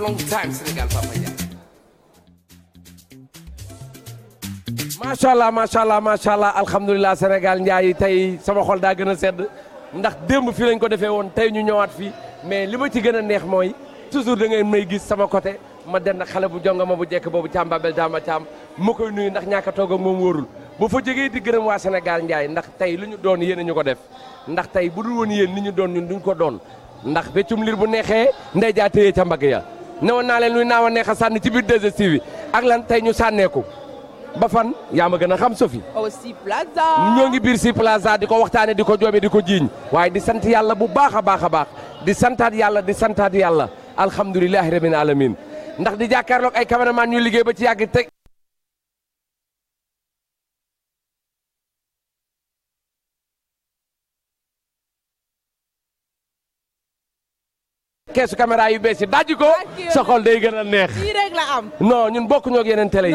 long time Sénégal Papa Dia. macha allah macha allah macha allah alhamdulilah Sénégal Ndiaye tey sama xol daa gën a sedd ndax démb fii lañ ko defee woon tey ñu ñëwaat fii mais li ma ci gën a neex mooy toujours da ngay may gis sama côté ma denn xale bu jongama bu jekk boobu Thiam Babel Dama Thiam ma koy nuyu ndax ñàkk a toog ak moom wóorul bu fa jógee di gërëm waa Sénégal Ndiaye ndax tey lu ñu doon yéen ñu ko def ndax tey bu du woon yéen li ñu doon ñu duñ ko doon ndax béccum lir bu neexee ndey jaa téye newoon naa leen luy naaw a neex a sànni ci biir 2STV bi ak lan tey ñu sànneeku ba fan yaa ma gën a xam Sophie. Oh, aussi plaza. ngi biir si plaza di ko waxtaanee di ko joome di ko jiiñ waaye di sant yàlla bu baax a baax a baax di santaat yàlla di santaat yàlla alhamdulilahi rabbil alamin ndax di jàkkaarloog ay caméraman ñu liggéey ba ci yàgg teg. keesu caméra yu bees yi dajji ko sa day gën a neex non ñun bokk ñoo ak yeneen télé yi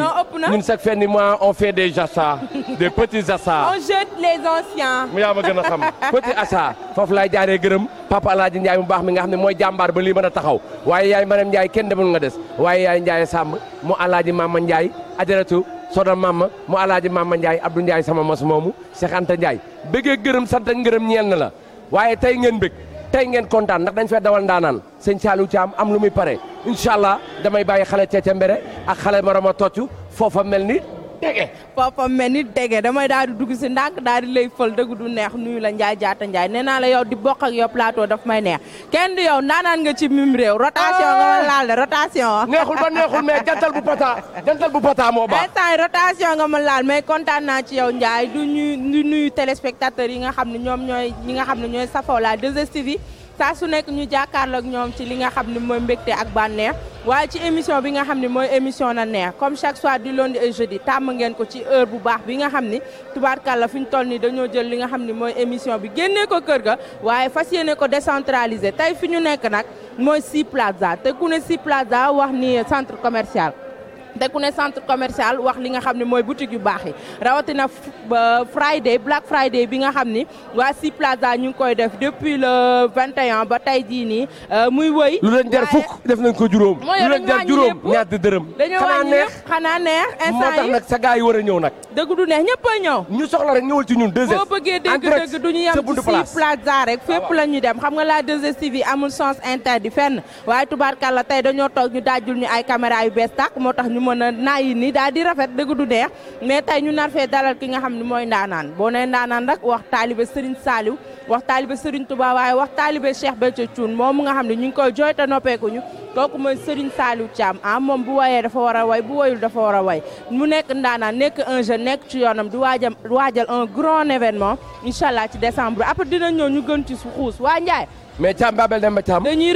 ñun chaque fin du mois on fait des achats des petits achats on jette les anciens mu yaa ma gën a xam petit achat foofu laay jaaree gërëm papa Alaaji Njaay mu baax mi nga xam ne mooy jàmbaar ba lii mën a taxaw waaye yaay Maram Njaay kenn demul nga des waaye yaay Njaay Samb mu Alaaji Mama Njaay ajaratu soda mama mu alaaji mama Ndiaye Abdou Ndiaye sama mas moomu Cheikh Anta Ndiaye bëggee gërëm sant ak ngërëm ñeel na la waaye tey tey ngeen kontaan ndax dañ fee dawal ndaanaan sëñ Saliou Thiam am lu muy pare incha allah damay bàyyi xale Ceece Mbere ak xale ma Marama Toccu foofa mel ni dege papa mel ni dege damay daal di dugg si ndànk daal di lay fël dëgg du neex nuyu la njaay jaata njaay nee naa la yow di bokk ak yow plateau dafa may neex kenn di yow naanaan nga ci mim réew rotation nga ma laal de rotation ah, neexul ba neexul mais jantal bu pata jantal bu pata moo baax instant rotation nga ma laal mais kontaan naa ci yow njaay du ñuy du nuyu téléspectateurs yi nga xam ne ñoom ñooy ñi nga xam ne ñooy safoo la 2STV yi saa su nekk ñu jàkkaarloog ñoom ci li nga xam ne mooy mbégte ak bànneex waaye ci émission bi nga xam ne mooy émission na neex comme chaque soir du lundi et jeudi tàmm ngeen ko ci heure bu baax bi nga xam ni tubaarkàlla fi ñu toll nii dañoo jël li nga xam ne mooy émission bi génnee ko kër ga waaye fas yéene ko décentraliser tey fi ñu nekk nag mooy Sea Plaza te ku ne Sea Plaza wax ni centre commercial te ne centre commercial wax li nga xam ne mooy boutique yu baax yi rawatina euh, Friday Black Friday bi nga xam ni waa Si Plaza ñu ngi koy def depuis le 21 ba tey jii nii euh, muy wëy. lu leen jar fukk def nañ ko juróom. lu leen jar juróom ñaar di dërëm. xanaa neex xanaa neex instant yi moo tax nag sa gars yi war a ñëw nag. dëgg neex ñëpp ñëw. ñu soxla rek ñëwal ci ñun 2S. boo bëggee dëgg-dëgg du ñu Plaza rek ah, fépp la dem xam nga la 2STV amul sens interdit fenn waaye tubaarkàlla tey dañoo toog ñu daajul ñu ay caméra yu bees tàkk moo tax mën a naayi ni daal di rafet dëgg du deex mais tey ñu nar fee dalal nga xam ne mooy ndaanaan boo nee ndaanaan rek wax taalibe Serigne Saliou wax taalibe Serigne waaye wax taalibe Cheikh Béthio Thioune moom nga xam ne ñu ngi koy jooy te noppeekuñu kooku mooy Serigne Saliou Thiam ah moom bu wayee dafa war a way bu dafa war a way mu nekk ndaanaan nekk un nekk ci yoonam di waajal waajal un grand événement incha allah ci décembre après dina ñëw ñu gën ci xuus waa mais Thiam Babel Demba Thiam. dañuy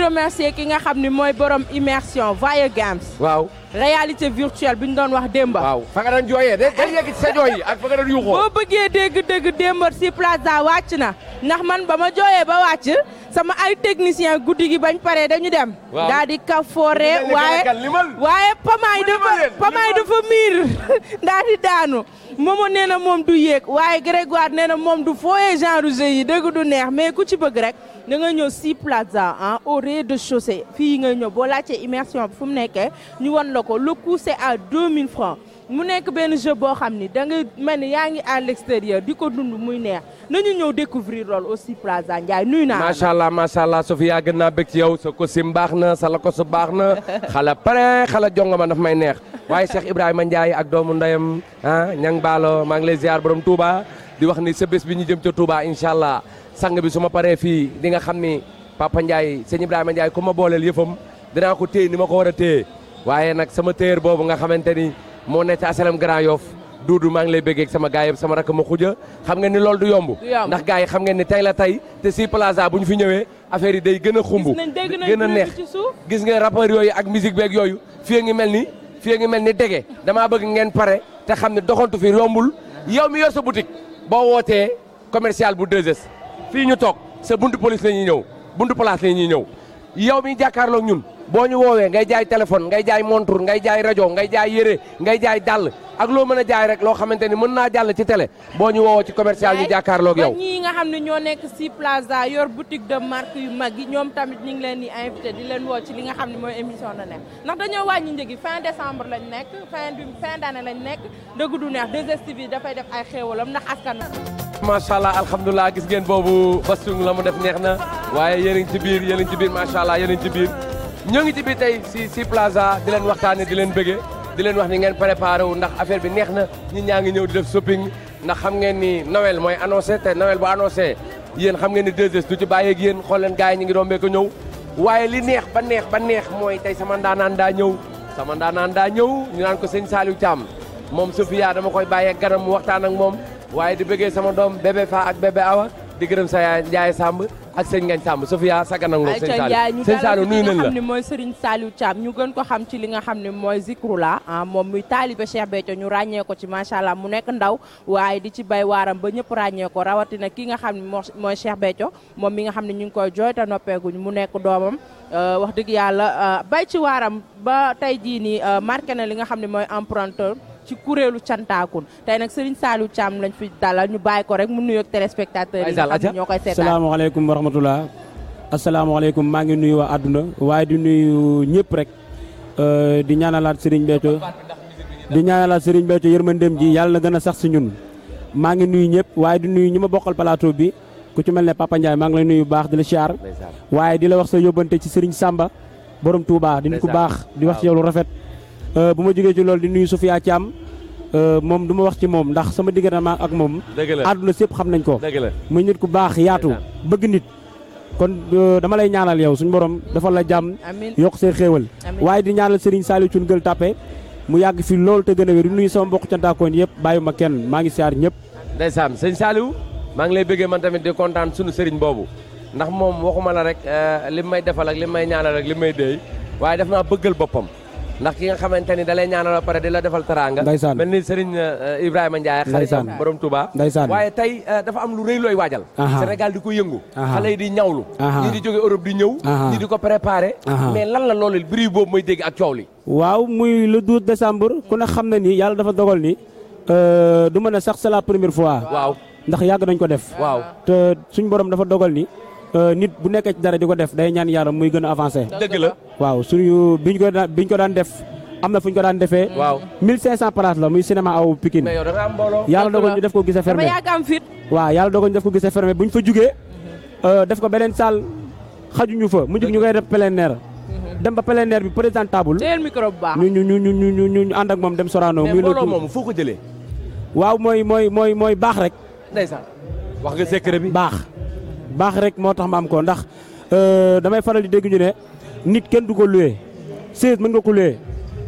ki nga xam ni mooy borom immersion Vaille Games. waaw. réalité virtuelle bi ñu doon wax Demba. waaw fa nga doon jooyee day day yegg ci sa jooy yi ak fa nga doon yuuxoo. boo bëggee dégg-dégg Demba si plaza wàcc na ndax man ba ma jooyee ba wàcc sama ay technicien guddi gi bañ paree dañu dem. waaw daal di kafoore waaye waaye pamaay dafa pamaay dafa miir daal di daanu. moomo nee na moom du yég waaye Grégoire nee na moom du fooyee genre jeu yi dëgg du neex mais ku ci bëgg rek da nga ñëw si a ah au rez-de-chaussée fii nga ñëw boo laajtee immersion bi fu mu nekkee ñu won la ko le à 2000 francs mu nekk benn jeu boo xam ni da nga mel ni yaa ngi à l'extérieur di ko dund muy neex nañu ñëw découvrir lool aussi Plaza Ndiaye nuyu naa. macha allah macha allah Sofia gën naa bëgg ci yow sa costume baax na sa lacoste baax na xala pare xala jongoma daf may neex waaye Cheikh Ibrahima Ndiaye ak doomu ndayam ah ñang baalo maa ngi lay ziar borom Touba di wax ni sa bés bi ñu jëm ca Touba incha allah sang bi su ma paree fii di nga xam ni papa Ndiaye sëñ Ibrahima Ndiaye ku ma booleel yëfam dinaa ko téye ni ma ko war a téye waaye nag sama téer boobu nga xamante ni moo nekk ca asalam Grand Yoff duudu maa ngi lay bëggee ak sama gaay sama rakk ma xuja xam ngeen ni loolu du yomb ndax gaay yi xam ngeen ni tey la te si plaza bu ñu fi ñëwee affaire yi day gën a xumb gën a neex gis ngeen rappeurs yooyu ak musique beeg yooyu fii ngi mel ni fii ngi mel ni dege damaa bëgg ngeen pare te xam ne doxantu fi yombul yow mi yor sa boutique boo wootee commercial bu 2S fii ñu toog sa buntu police la ñuy ñëw buntu place ñuy ñëw yow mi jàkkaarloog ñun boo ñu woowee ngay jaay téléphone ngay jaay montre ngay jaay rajo ngay jaay yére ngay jaay dàll ak loo mën a jaay rek loo xamante ni mën naa jàll ci tele boo ñu woowoo ci commercial ñu jàkkaarloo ak yow. ñii nga xam ne ñoo nekk si plaza yor boutique de marque yu mag yi ñoom tamit ñu ngi leen di invité di leen woo ci li nga xam ne mooy émission na neex ndax dañoo wàññi njëg yi fin lañ nekk fin du fin d'année lañ nekk dëgg du neex 2STV yi dafay def ay xéewalam ndax askan macha allah alhamdulilah gis ngeen boobu bastung la mu def neex na waaye yéen ci biir yéen ci biir macha allah yéen ci biir ñoo ngi ci bi tey si si plaza di leen waxtaane di leen bëggee di leen wax ni ngeen préparé wu ndax affaire bi neex na ñi ñaa ngi ñëw di def shopping ndax xam ngeen ni Noël mooy annoncé te Noël bu annoncé yéen xam ngeen ni 2S du ci bàyyeeg yéen xool leen gars yi ñu ngi doon ko ñëw waaye li neex ba neex ba neex mooy tey sama ndaanaan daa ñëw sama ndaanaan daa ñëw ñu naan ko sëñ Saliou Thiam moom Sophia dama koy bàyyeeg ganam mu waxtaan ak moom waaye di bëggee sama doom bébé Fa ak bébé Awa di gërëm sa yaay Ndiaye Samb ak sëñ Ngañ Samb Sofia saganangoo sëñ Saliou sëñ Saliou nuyu nañ la xam ne mooy Serigne Saliou Thiam ñu gën ko xam ci li nga xam ne mooy Zikroullah ah, moom muy taalibe Cheikh Béthio ñu ràññee ko ci macha allah mu nekk ndaw waaye di ci bay waaram ba ñëpp ràññee rawatina ki nga xam ne mooy Cheikh Béthio moom mi nga xam ne ñu ngi koy jooyta noppeeguñ mu nekk doomam euh, wax dëgg yàlla euh, bay ci waaram ba tey jii nii euh, marqué na li nga xam ne mooy emprunteur ci kuréelu Cantakun tey nag Serigne Saliou caam lañ fi dalal ñu bàyyi ko rek mu nuyoog téléspectateurs yi nga xam ne ñoo koy seetaan salaamaaleykum wa rahmatulah asalaamaaleykum maa ngi nuyu wa àdduna waaye di nuyu ñëpp rek euh, di ñaanalaat Serigne Béthio di ñaanalaat Serigne Béthio yërmandeem ji yàlla na gën a sax si ñun maa ngi nuyu ñëpp waaye di nuyu ñu ma bokkal plateau bi ku ci mel ne Papa maa ngi lay nuyu bu baax di la siyaar waaye di la wax sa yóbbante ci Serigne Samba borom Touba di nit ku baax di wax ci yow lu rafet Euh, bu ma jógee ci loolu di nuyu Sofia Thiam euh, moom du ma wax ci moom ndax sama diggante ma ak moom. àdduna sépp xam nañ ko. muy nit ku baax yaatu bëgg nit. kon euh, dama lay ñaanal yow suñu borom dafa la jàmm. yokk see xéewal. waaye di ñaanal Serigne Saliou Thioune Gueule Tapée mu yàgg fi loolu te gën a wér di nuyu sama mbokk cantaakoon yëpp bàyyi ma kenn maa ngi siyaar ñëpp. ndeysaan sëñ Saliou maa ngi lay bëggee man tamit di kontaan suñu Serigne boobu ndax moom waxuma la rek li may defal ak li may ñaanal ak li may déy waaye daf naa bëggal boppam ndax ki nga xamante ni da lay ñaanal ba pare di la defal teraanga ndeysaan mel ni Serigne eh, Ibrahima Ndiaye xarit borom Touba ndeysaan waaye tey eh, dafa am lu rëy looy waajal Sénégal di ko yëngu xale yi di ñawlu ñii di jóge Europe di ñëw ñii di ko préparé mais lan la loolu bruit boobu mooy dégg ak coow li waaw muy le 12 décembre ku ne xam na nii yàlla dafa dogal ni euh, du mën a sax c'est la première fois waaw ndax yàgg nañ ko def waaw te suñ borom dafa dogal ni Euh, nit bu nekkee dara di ko def day ñaan yàlla muy gën a avancé. waaw suñu biñ ko daan biñ ko daan def. am na fu ñu ko daan defee. waaw 1500 places la muy cinéma aw Pikine. mais yow da nga am ñu def ko gisee fermé. dama yàgg am fit. waaw fa jugee. Euh, def ko beneen salle xajuñu fa mu jug ñu koy def plein dem ba plein air bi présentable. teel micro bu ñu ñu ñu ñu ñu ñu ànd ak moom dem Sorano. muy loolu mais mbooloo moom foo ko jëlee. waaw mooy mooy mooy mooy baax rek. bi baax. baax rek moo tax ma am ko ndax euh, damay faral di dégg ñu ne nit kenn du ko loué chaise mën nga ko loué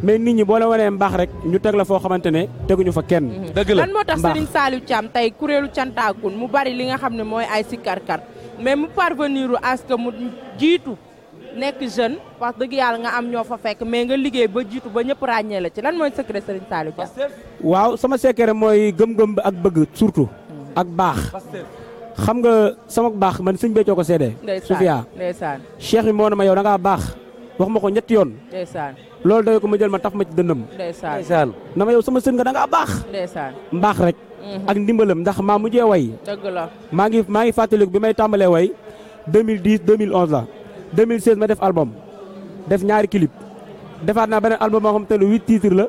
mais nit ñi boo la wanee mbaax rek ñu teg la foo xamante ne teguñu fa kenn. Mhm. dëgg lan moo tax Serigne Saliou Thiam tey kuréelu cantaakun mu bari li nga xam ne mooy ay sikkarkat mais mu parvenir à ce que mu jiitu nekk jeune parce dëgg yàlla nga am ñoo fa fekk mais nga liggéey ba jiitu ba ñëpp ràññee la ci lan mooy secret Serigne Saliou Thiam. waaw sama secret mooy gëm-gëm ak bëgg surtout. xam nga sama baax man sëñ Béthio ko seede. Sofia ndeysaan cheikh bi moo ne ma yow da ngaa baax wax ma ko ñetti yoon. ndeysaan loolu doy ko ma jël ma taf ma ci dëndam. ndeysaan na ma yow sama sën nga da ngaa baax. ndeysaan mbaax rek. Mhm. ak ndimbalam ndax maa mu jee way. dëgg la maa ngi maa ngi fàttaliku bi may tàmbalee way 2010 2011 la 2016 ma def album def ñaari clip defaat naa beneen album boo xamante ne huit titres la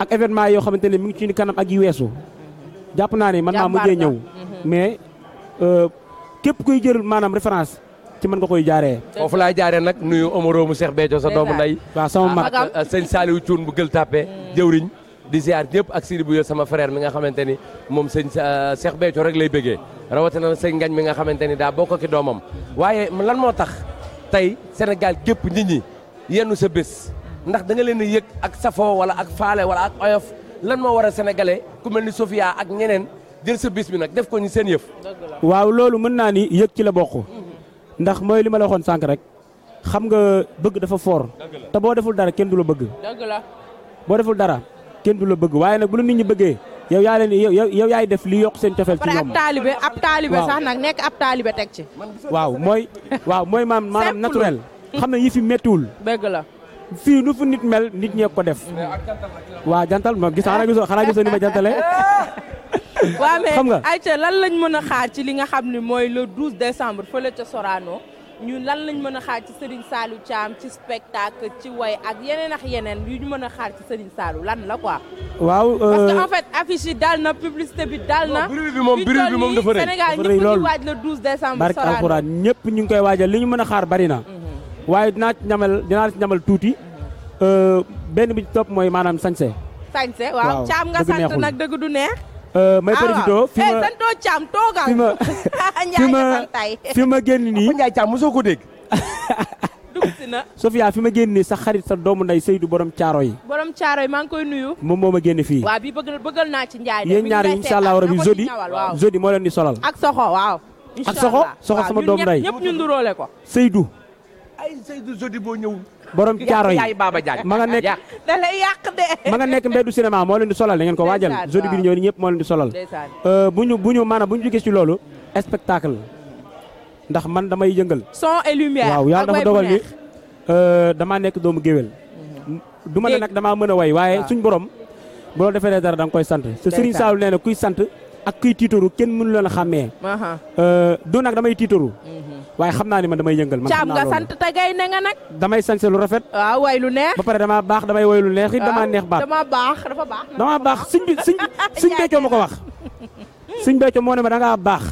ak événement yoo xamante ne mi ngi ci kanam ak yi weesu jàpp naa ne man maa mujjee ñëw mhm. mais. Euh, képp kuy jël maanaam référence ci man nga koy jaaree. foofu laa jaaree nag nuyu Omaro mu Cheikh Béthio sa doomu nday waaw sama ah, mag ak euh, sëñ Saliou Thioune bu Gueule Tapée hmm. jëwriñ di ziar ñëpp ak Sidi bu sama frère mi nga xamante ni moom sëñ euh, Cheikh Béthio rek lay bëggee rawatina na sëñ Ngañ mi nga xamante ni daa bokk ki doomam waaye lan moo tax tey senegal gépp nit ñi yennu sa bés ndax da nga leen di yëg ak safoo wala ak faale wala ak oyof lan moo war a sénégalais ku mel ni Sofia ak ñeneen jël sa bi nag def ko ñu seen yëf. waaw loolu mën naa ni yëg ci la bokk. ndax mooy li ma la waxoon sànq rek. xam nga bëgg dafa foor te boo deful dara kenn du la bëgg. dëgg la boo deful dara kenn du la bëgg waaye nag bu la nit ñi bëggee. yow yaa yow yow yaay def li yokk seen cofeel ci ñoom. ab taalibe ab taalibe sax nag nekk ab taalibe teg ci. waaw mooy. waaw mooy maam maanaam naturel. xam na yi fi méttiwul. dëgg la. fii nu fu nit mel nit ñee ko def. waa jantal ma gis xanaa gisoo xanaa gisoo ni ma jantalee. waaw mais Aïcha lan lañ mën a xaar ci li nga xam ne mooy le 12 décembre fële ca Sorano ñun lan lañ mën a xaar ci Serigne Saliou Thiam ci spectacle ci way ak yeneen ak yeneen yu ñu mën a xaar ci Serigne Saliou lan la quoi. waaw euh, parce que en fait affiche yi daal na publicité bi daal na. bruit bi moom bruit bi moom dafa rëy Sénégal ñëpp ñu ngi waaj le 12 décembre. alxuraan ñëpp ñu ngi koy waajal li ñu mën a xaar bari na. Mhm. waaye dinaa ci ñamal dinaa ci ñamal tuuti. Mhm. Euh, benn bi ci topp mooy maanaam sañse. sañse waaw caam Euh, may profité ah. fi eh, ma santoo Thiam toogal. fi ma fi ma fi ma génn nii. Ndiaye Thiam mosoo ko dégg. Sofia fi ma génn nii sa xarit sa doomu nday Seydou borom caaro yi. borom caaro yi maa ngi koy nuyu. moom moo ma génn fii. waa bi bëgg bëggal naa ci Ndiaye. yéen ñaar yi incha allah rabi jeudi jeudi moo leen di solal. ak soxo waaw. ak soxo soxo sama doomu nday ñëpp ñu nduróole ko. Seydou. ay Seydou jeudi boo ñëw. borom caaro yi Baba Diagne ma nga nekk da yàq de ma nga nekk mbeddu cinéma moo leen di solal da ko waajal jeudi bi ñëw ni ñëpp moo leen di solal euh, bu ñu bu ñu maanaam bu ñu jógee ci loolu spectacle ndax man damay yëngal son et lumière waaw yàlla dafa dogal ni euh, damaa nekk doomu géwél mm-hmm. du ma ne nag damaa mën a way waaye suñ borom boo defee defee dara da nga koy sant te Serigne Sall nee na kuy sant ak kuy tiitaru kenn mënu a xàmmee. Euh, du nag damay tiitaru. Mhm. waaye xam naa ne man damay yëngal. man xam naa loolu caam nga sant te gay ne nga nag. damay sañse lu rafet. waaw way lu neex. ba pare damaa baax damay way lu neex it damaa neex baax. damaa baax dafa baax. damaa baax suñ bi suñ ma ko wax. suñ becco moo ma da ngaa baax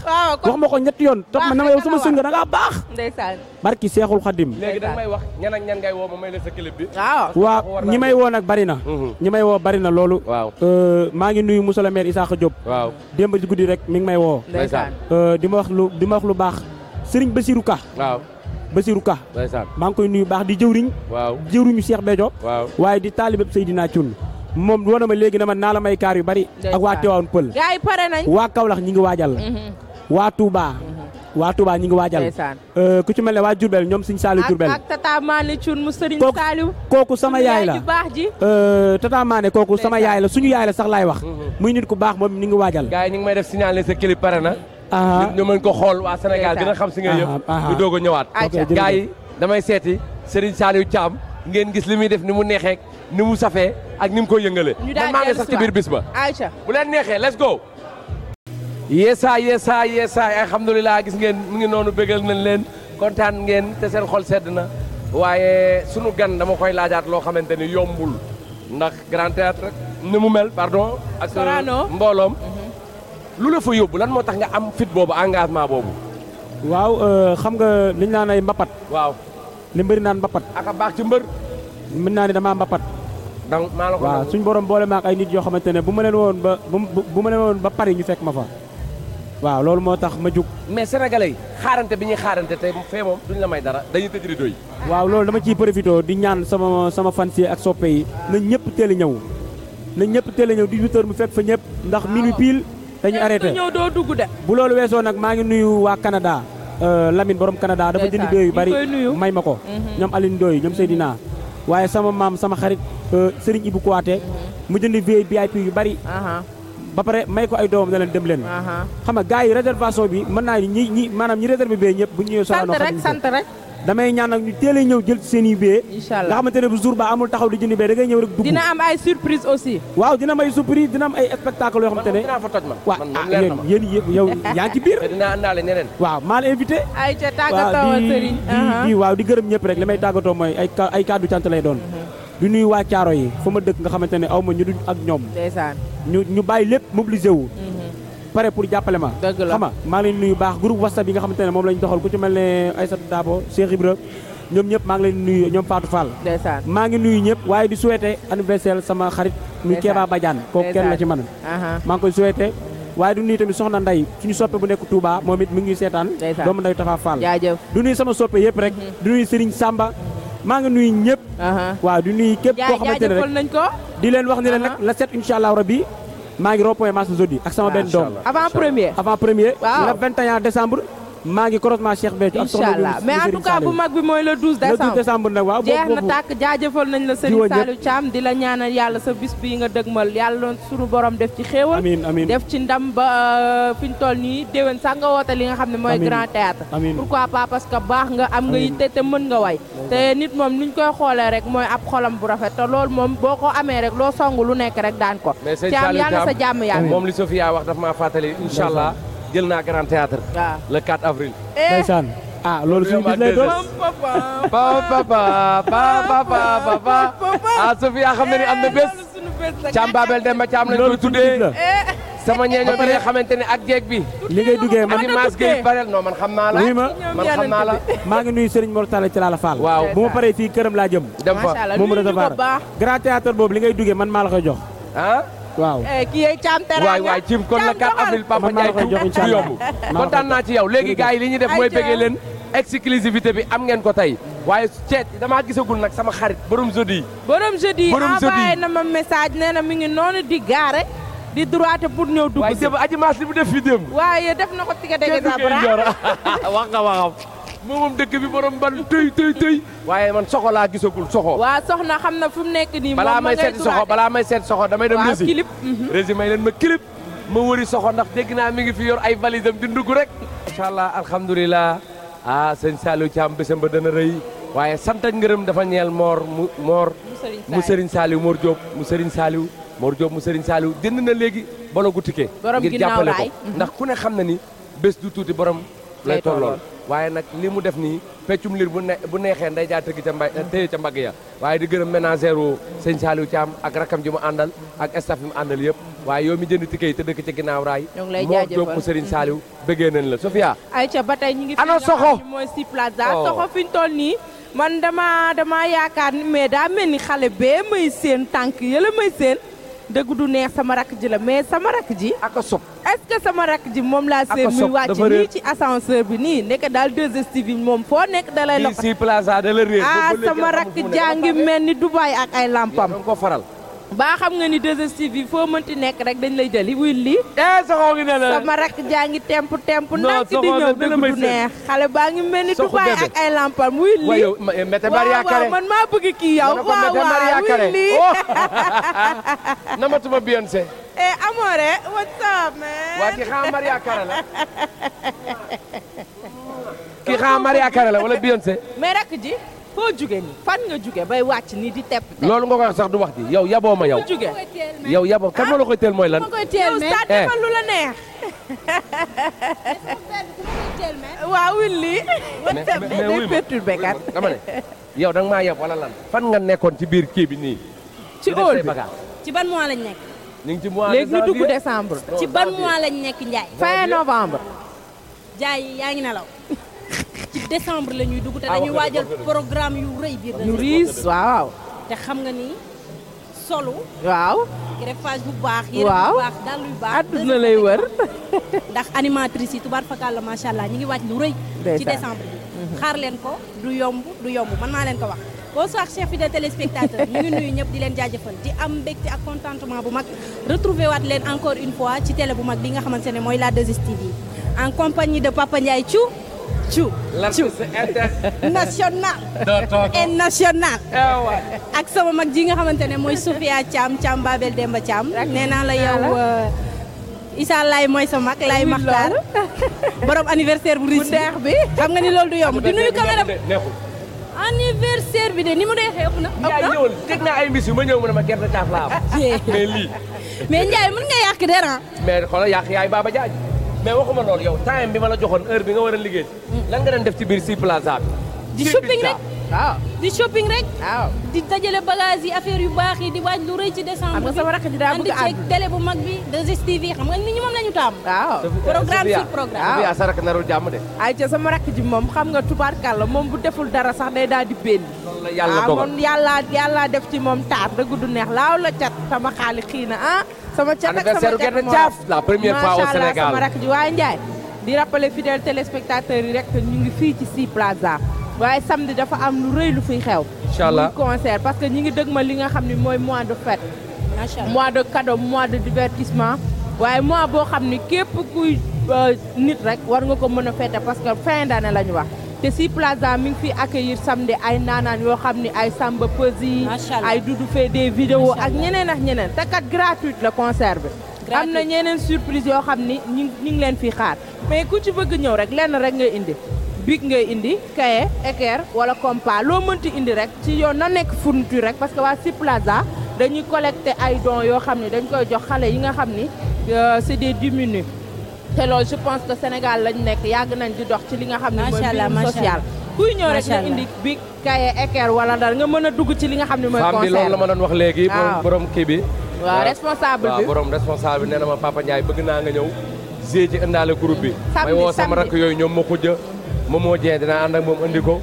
wax ma ko ñetti yoon topp ma na ma yow sama sëñ nga da ngaa baax ndeysaan barki seexul xadim léegi da may wax ñan ak ñan woo ma may la sa clip bi waaw ñi may woo nag bari na ñi may woo bari na loolu euh, maa ngi nuyu monsieur le maire Issakha Diop waaw démb guddi rek mi ngi may woo euh, di ma wax lu di ma wax lu baax sëriñ Basirou Ka waaw Basirou Ka maa ngi koy nuyu baax di jëwriñ waaw jëwriñu Cheikh Béthio waaye di taalibe Seydina Thioune moom woon na ma léegi na ma naa la may kaar yu bari ak waa Tiwaawan Pël gars yi pare nañ waa Kaolack ñi ngi waajal la mhm. waa Touba mhm. waa Touba ñi ngi waajal euh, ku ci mel ne waa Diourbel ñoom Serigne Saliou Diourbel ak Tata Mané Thioune mu Serigne kooku sama yaay la baax ji euh, Tata Mané kooku sama yaay la suñu yaay la sax laay wax mhm. muy nit ku baax moom ñi ngi waajal gars yi ñi ngi may def signal ne sa clip pare na ah. ñu mën ko xool waa Sénégal gën a xam si nga yëpp ah, ah. ñu doog a ñëwaat gars yi damay seeti Serigne Saliou caam ngeen gis li muy def ni mu neexeek ni mu safee ak ni mu koy yëngalee. man maa ngi sax ci biir bis ba. ayca bu leen neexee let's go. yeesaa yeesaa yeesaa alhamdulilah gis ngeen mu ngi noonu bégal nañ leen kontaan ngeen te seen xol sedd na waaye sunu gan dama koy laajaat loo xamante ni yombul ndax grand théâtre ni mu mel pardon. ak euh, mbooloom. lu la fa yóbbu lan moo tax nga am fit boobu engagement boobu. waaw euh, xam nga liñ naan ay mbapat. waaw li mbëri naan mbapat. ak baax ci mbër. mën naa ne damaa mbapat. donc maa suñu borom boole maak ay nit yoo xamante ne bu ma leen woon ba bu ma leen woon ba Paris ñu fekk ma fa waaw loolu moo tax ma jug mais sénégalais yi xaarante bi ñuy xaarante tey fee moom duñ la may dara dañu tëj rido yi waaw loolu dama ciy profité di ñaan sama sama fans yi ak soppe yi nañ ñëpp teel a ñëw nañ ñëpp teel a ñëw 18h mu fekk fa ñëpp ndax minuit pile dañu arrêté ñëw doo dugg de bu loolu weesoo nag maa ngi nuyu waa Canada euh, Lamine borom kanadaa dafa jënd doy yu bari may ma ko mhm. ñoom Aline Doy ñoom Seydina waaye sama maam sama xarit euh, Serigne Ibou Kouaté mu jënd VIP yu bari ba pare may ko ay doomam na leen dem leen xam nga gars yi réservation bi mën naa ñi ñi maanaam ñi réservé bee ñëpp bu ñu ñëwee sant rek sant rek damay ñaan nag ñu teel ñëw jël ci seen i bee. allah nga xamante ne bu jour ba amul taxaw di jënd bee da ngay ñëw rek dugg. dina am ay surprise aussi. waaw dina am ay surprise dina am ay spectacle yoo xamante ne. man fa toj ma. waaw ah, yéen yéen yow yaa ngi ci biir. dinaa àndaale ñeneen. Uh-huh. waaw di gërëm ñëpp rek li may mooy ay ay kàddu cant lay doon. du nuyu waa caaro yi foo ma dëkk nga xamante ne aw ma ñu du ak ñoom. ndeysaan ñu ñu bàyyi lépp mobilisé wu mm-hmm. pare pour jàppale ma xam maa ngi leen nuyu baax groupe WhatsApp yi nga xamante ne moom lañ doxal ku ci mel ne Aïssatou Dabo Cheikh Ibra ñoom ñëpp maa ngi leen nuyu ñoom Fatou Fall maa ngi nuyu ñëpp waaye di souhaité anniversaire sama xarit muy Kéba Badiane kooku kenn la ci man uh-huh. maa ngi koy souhaité waaye du nuyu tamit soxna Nday ñu soppe bu nekk Touba moom it mi ngi seetaan doomu Nday Tafa Fall du nuyu sama soppe yëpp rek uh-huh. du nuyu Serigne Samba maa ngi nuyu ñëpp uh-huh. waaw du nuyu képp koo xamante ne rek di leen wax ni leen nag la set incha allah rabbi maa ngi rond-point Massoudi ak sama benn doom avant première avant première le 21 décembre maa ngi croisement Cheikh Béthio. incha allah mais en tout cas bu mag bi mooy le 12 décembre. le 12 jeex na tàkk jaajëfal nañ la Serigne Saliou Thiam di la ñaanal yàlla sa bis bii nga dëgmal yàlla loon borom def ci xéewal. def ci ndam ba euh, fi ñu nii déwén sax nga woote li nga xam ne mooy grand théâtre pourquoi pas parce que baax nga am nga yitte te mën nga way te nit moom ni ñu koy xoolee rek mooy ab xolam bu rafet te loolu moom boo ko amee rek loo song lu nekk rek daan jàmm yàlla moom li Sofia wax maa fàttali incha allah jël naa grand théâtre ah. le 4 avril eh. ndeysaan ah loolu suñu bis lay doon papa papa papa ah xam na ni am na eh, bés Thiam Babel Demba Thiam lañ koy tuddee eh. sama ñeeño bi nga xamante ni ak jeeg bi li ngay duggee man Mass Gueye parel non man xam naa la oui ma man xam naa la maa ngi nuyu Serigne Mor Talla Thiala Fall waaw bu ma paree fii këram laa jëm dem fa moom recevoir grand théâtre boobu li ngay duggee man maa koy jox ah? waaw eh, kii yee Thiam Teranga waay waay cim kon la 4 avril Papa Ndiaye Thioub du yomb kontaan naa ci yow léegi gars yi li ñuy def mooy bëggee leen exclusivité bi am ngeen ko tey waaye ceet damaa gisagul nag sama xarit borom jeudi borom jeudi envoyé na ma message nee na mi ngi noonu di gaare di droite pour ñëw dugg si waaye démb aji maas li mu def fi démb waaye def na ko tiga dégg naa wax nga waxam moomam dëkk bi borom ban tëy tëy tëy waaye man soxo laa gisagul soxo waa na xam na fu mu nekk nii balaa may seet soxo balaa may seet soxo damay dem rési clip mhm. rési may leen ma clip ma wëri soxo ndax dégg naa mi ngi fi yor ay valisam di ku rek macha allah alhamdulilah ah sëñ Saliou Thiam bésam ba dana rëy waaye sant ak ngërëm dafa ñeel moor mu moor mu sëriñ Saliou Mor Diop mu sëriñ Saliou Mor Diop mu sëriñ Saliou jënd na léegi bolo gu tikkee ngir jàppale ko ndax ku ne xam na ni bés du tuuti borom lay tollool waaye nag li mu def nii peccum liir bu ne bu neexee nday jaa tëgg ca mbay eh, téye ca mbagg ya waaye di gërëm ménagère u sëñ Saliou Thiam ak rakam ji mu àndal ak staff yi mu àndal yëpp waaye yow mi jënd ticket yi te dëkk ci ginnaaw raay moo jóg mu sëriñ Saliou bëggee nañ la Sofia ayca ba tey ñu ngi fi nga xam ne mooy si plaza oh. soxo fi ñu toll nii man dama dama yaakaar mais daa mel ni xale bee may seen tànk yëla may seen dëgg du neex sama rakk ji la mais sama rakk ji. ak a sob est-ce que sama moom laa see muy wàcc nii ci ascenseur bi nii nekk daal 2STV moom foo nekk dalay lay. loxo si plaza da la réer ah sama rakk jaa ngi mel ni Dubaay ak ay lampam. baa xam nga ni 2STV bi foo mënti nekk rek dañ lay jëli wuy lii. Eh, soxoo ngi ne la sama rakk jaa ngi temp temp. non soxoo di ñëw dëgg du neex. xale baa ngi mel ni Dubaay ak ay lampam wuy lii. waaw yow Mbete Maria Kare waaw maa bëgg kii yow. waaw wuy lii oh. namatuma Beyoncé. eh Amore what's up man. waa kii xanaa Maria Carey la. kii xanaa wala Beyoncé. mais rakk ji foo jugee nii fan nga jugee bay wàcc nii di tepp. loolu nga koy wax sax du wax ji yow yaboo ma yow. yow yaboo kan ma la koy teel mooy lan. yow eh. lu la neex. waaw wulli day perturbé kat dama ne yow maa yeb wala lan fan nga nekkoon ci biir kii bi nii ci óol bi ci ban mois lañ nekk. ñu ci mois dugg décembre. ci ban mois lañ nekk Ndiaye. fin novembre. jaay yaa ngi nelaw. ci décembre lañuy ñuy dugg te ah, dañuy waajal programme yu rëy biir. yu riis waaw. te xam nga ni solu waaw. greffage bu baax. yére bu baax dàll yu baax. adduna lay wër. ndax animatrice yi tubaar fakal la macha allah ñu ngi waaj lu rëy. ci décembre mhm. xaar leen ko du yomb du yomb man maa leen ko wax. bonsoir chers fidèles téléspectateurs ñu ngi nuyu ñëpp di leen jaajëfal di am mbégte ak contentement bu mag retrouver waat leen encore une fois ci télé bu mag bi nga xamante ne mooy la 2STV en compagnie de Papa Ndiaye Thiou Thiou Thiou national et national ah ak sama mag ji nga xamante ne mooy Sophia Thiam Thiam Babel Demba Thiam nee naa la yow euh, Issa Laye mooy sa mag Laye Makhtar borom anniversaire bu riche bi xam nga ni loolu du yomb di nuyu caméra anniversaire bi de ni mu de ëpp na. ëpp na yaay ñëwul teg naa ay mbis yu ma ñëw mu ne ma gerte caaf laa am. mais lii. mais Ndiaye mën nga yàq der ah. mais xoolal yàq yaay Baba Diagne mais waxuma loolu yow time bi ma la joxoon heure bi nga war a liggéey. Mm. lan nga doon def ci biir si plaza bi. shopping rek waaw di shopping rek. waaw di dajale bagage yi affaire yu baax yi di waaj lu rëy ci décembre. am nga sama rakk ji daa bëgg ànd ci télé mag bi 2STV xam nga nit ñi moom la ñu taamu. waaw programme sur jàmm de. ay ca sama rakk ji moom xam nga tubaarkàlla moom bu deful dara sax day daal di benn. yàlla ah, dogal moom yàlla yàlla def ci moom taar da gudd neex laaw la cat sama xaali xii na ah. sama cat ak sama cat la première fois au Sénégal macha allah sama rakk ji waaye Ndiaye di rappeler fidèle téléspectateur yi rek ñu ngi fii ci Sea Plaza waaye sam samedi dafa am lu rëy lu fiy xew. incha allah concert parce que ñi ngi dëgg ma li nga xam ne mooy mois de fête. macha allah mois de cadeau mois de divertissement. waaye mois boo xam ni képp ku euh, nit rek war nga ko mën a fête parce que fin d'année la ñu wax. te si plaza mi ngi fi accueillir samedi ay naanaan yoo xam ni ay samba pesi ay dudu fee dee vidéos ak ñeneen ak ñeneen takkat kat gratuite la concert bi am na ñeneen surprise yoo xam ni ñu ngi leen fi xaar mais ku ci bëgg ñëw rek lenn rek nga indi bic ngay indi cahier équerre wala compas loo mënti indi rek ci yoon na nekk fourniture rek parce que waa si plaza dañuy collecté ay dons yoo xam ne dañ koy jox xale yi nga xam ni euh, c'est des démunis te loolu je pense que Sénégal lañ nekk yàgg nañ di dox ci li nga xam ne mooy mbirum social kuy ñëw rek nga indi bic cahier équerre wala dal nga mën a dugg ci li nga xam ne mooy concert bi la ma doon wax léegi borom kii bi waaw euh, responsable bi waaw borom responsable bi nee na ma Papa Ndiaye bëgg naa nga ñëw g ci indaale groupe bi may woo yooyu ñoom ma xujja Momo Dieng dinaa ànd ak moom andi ko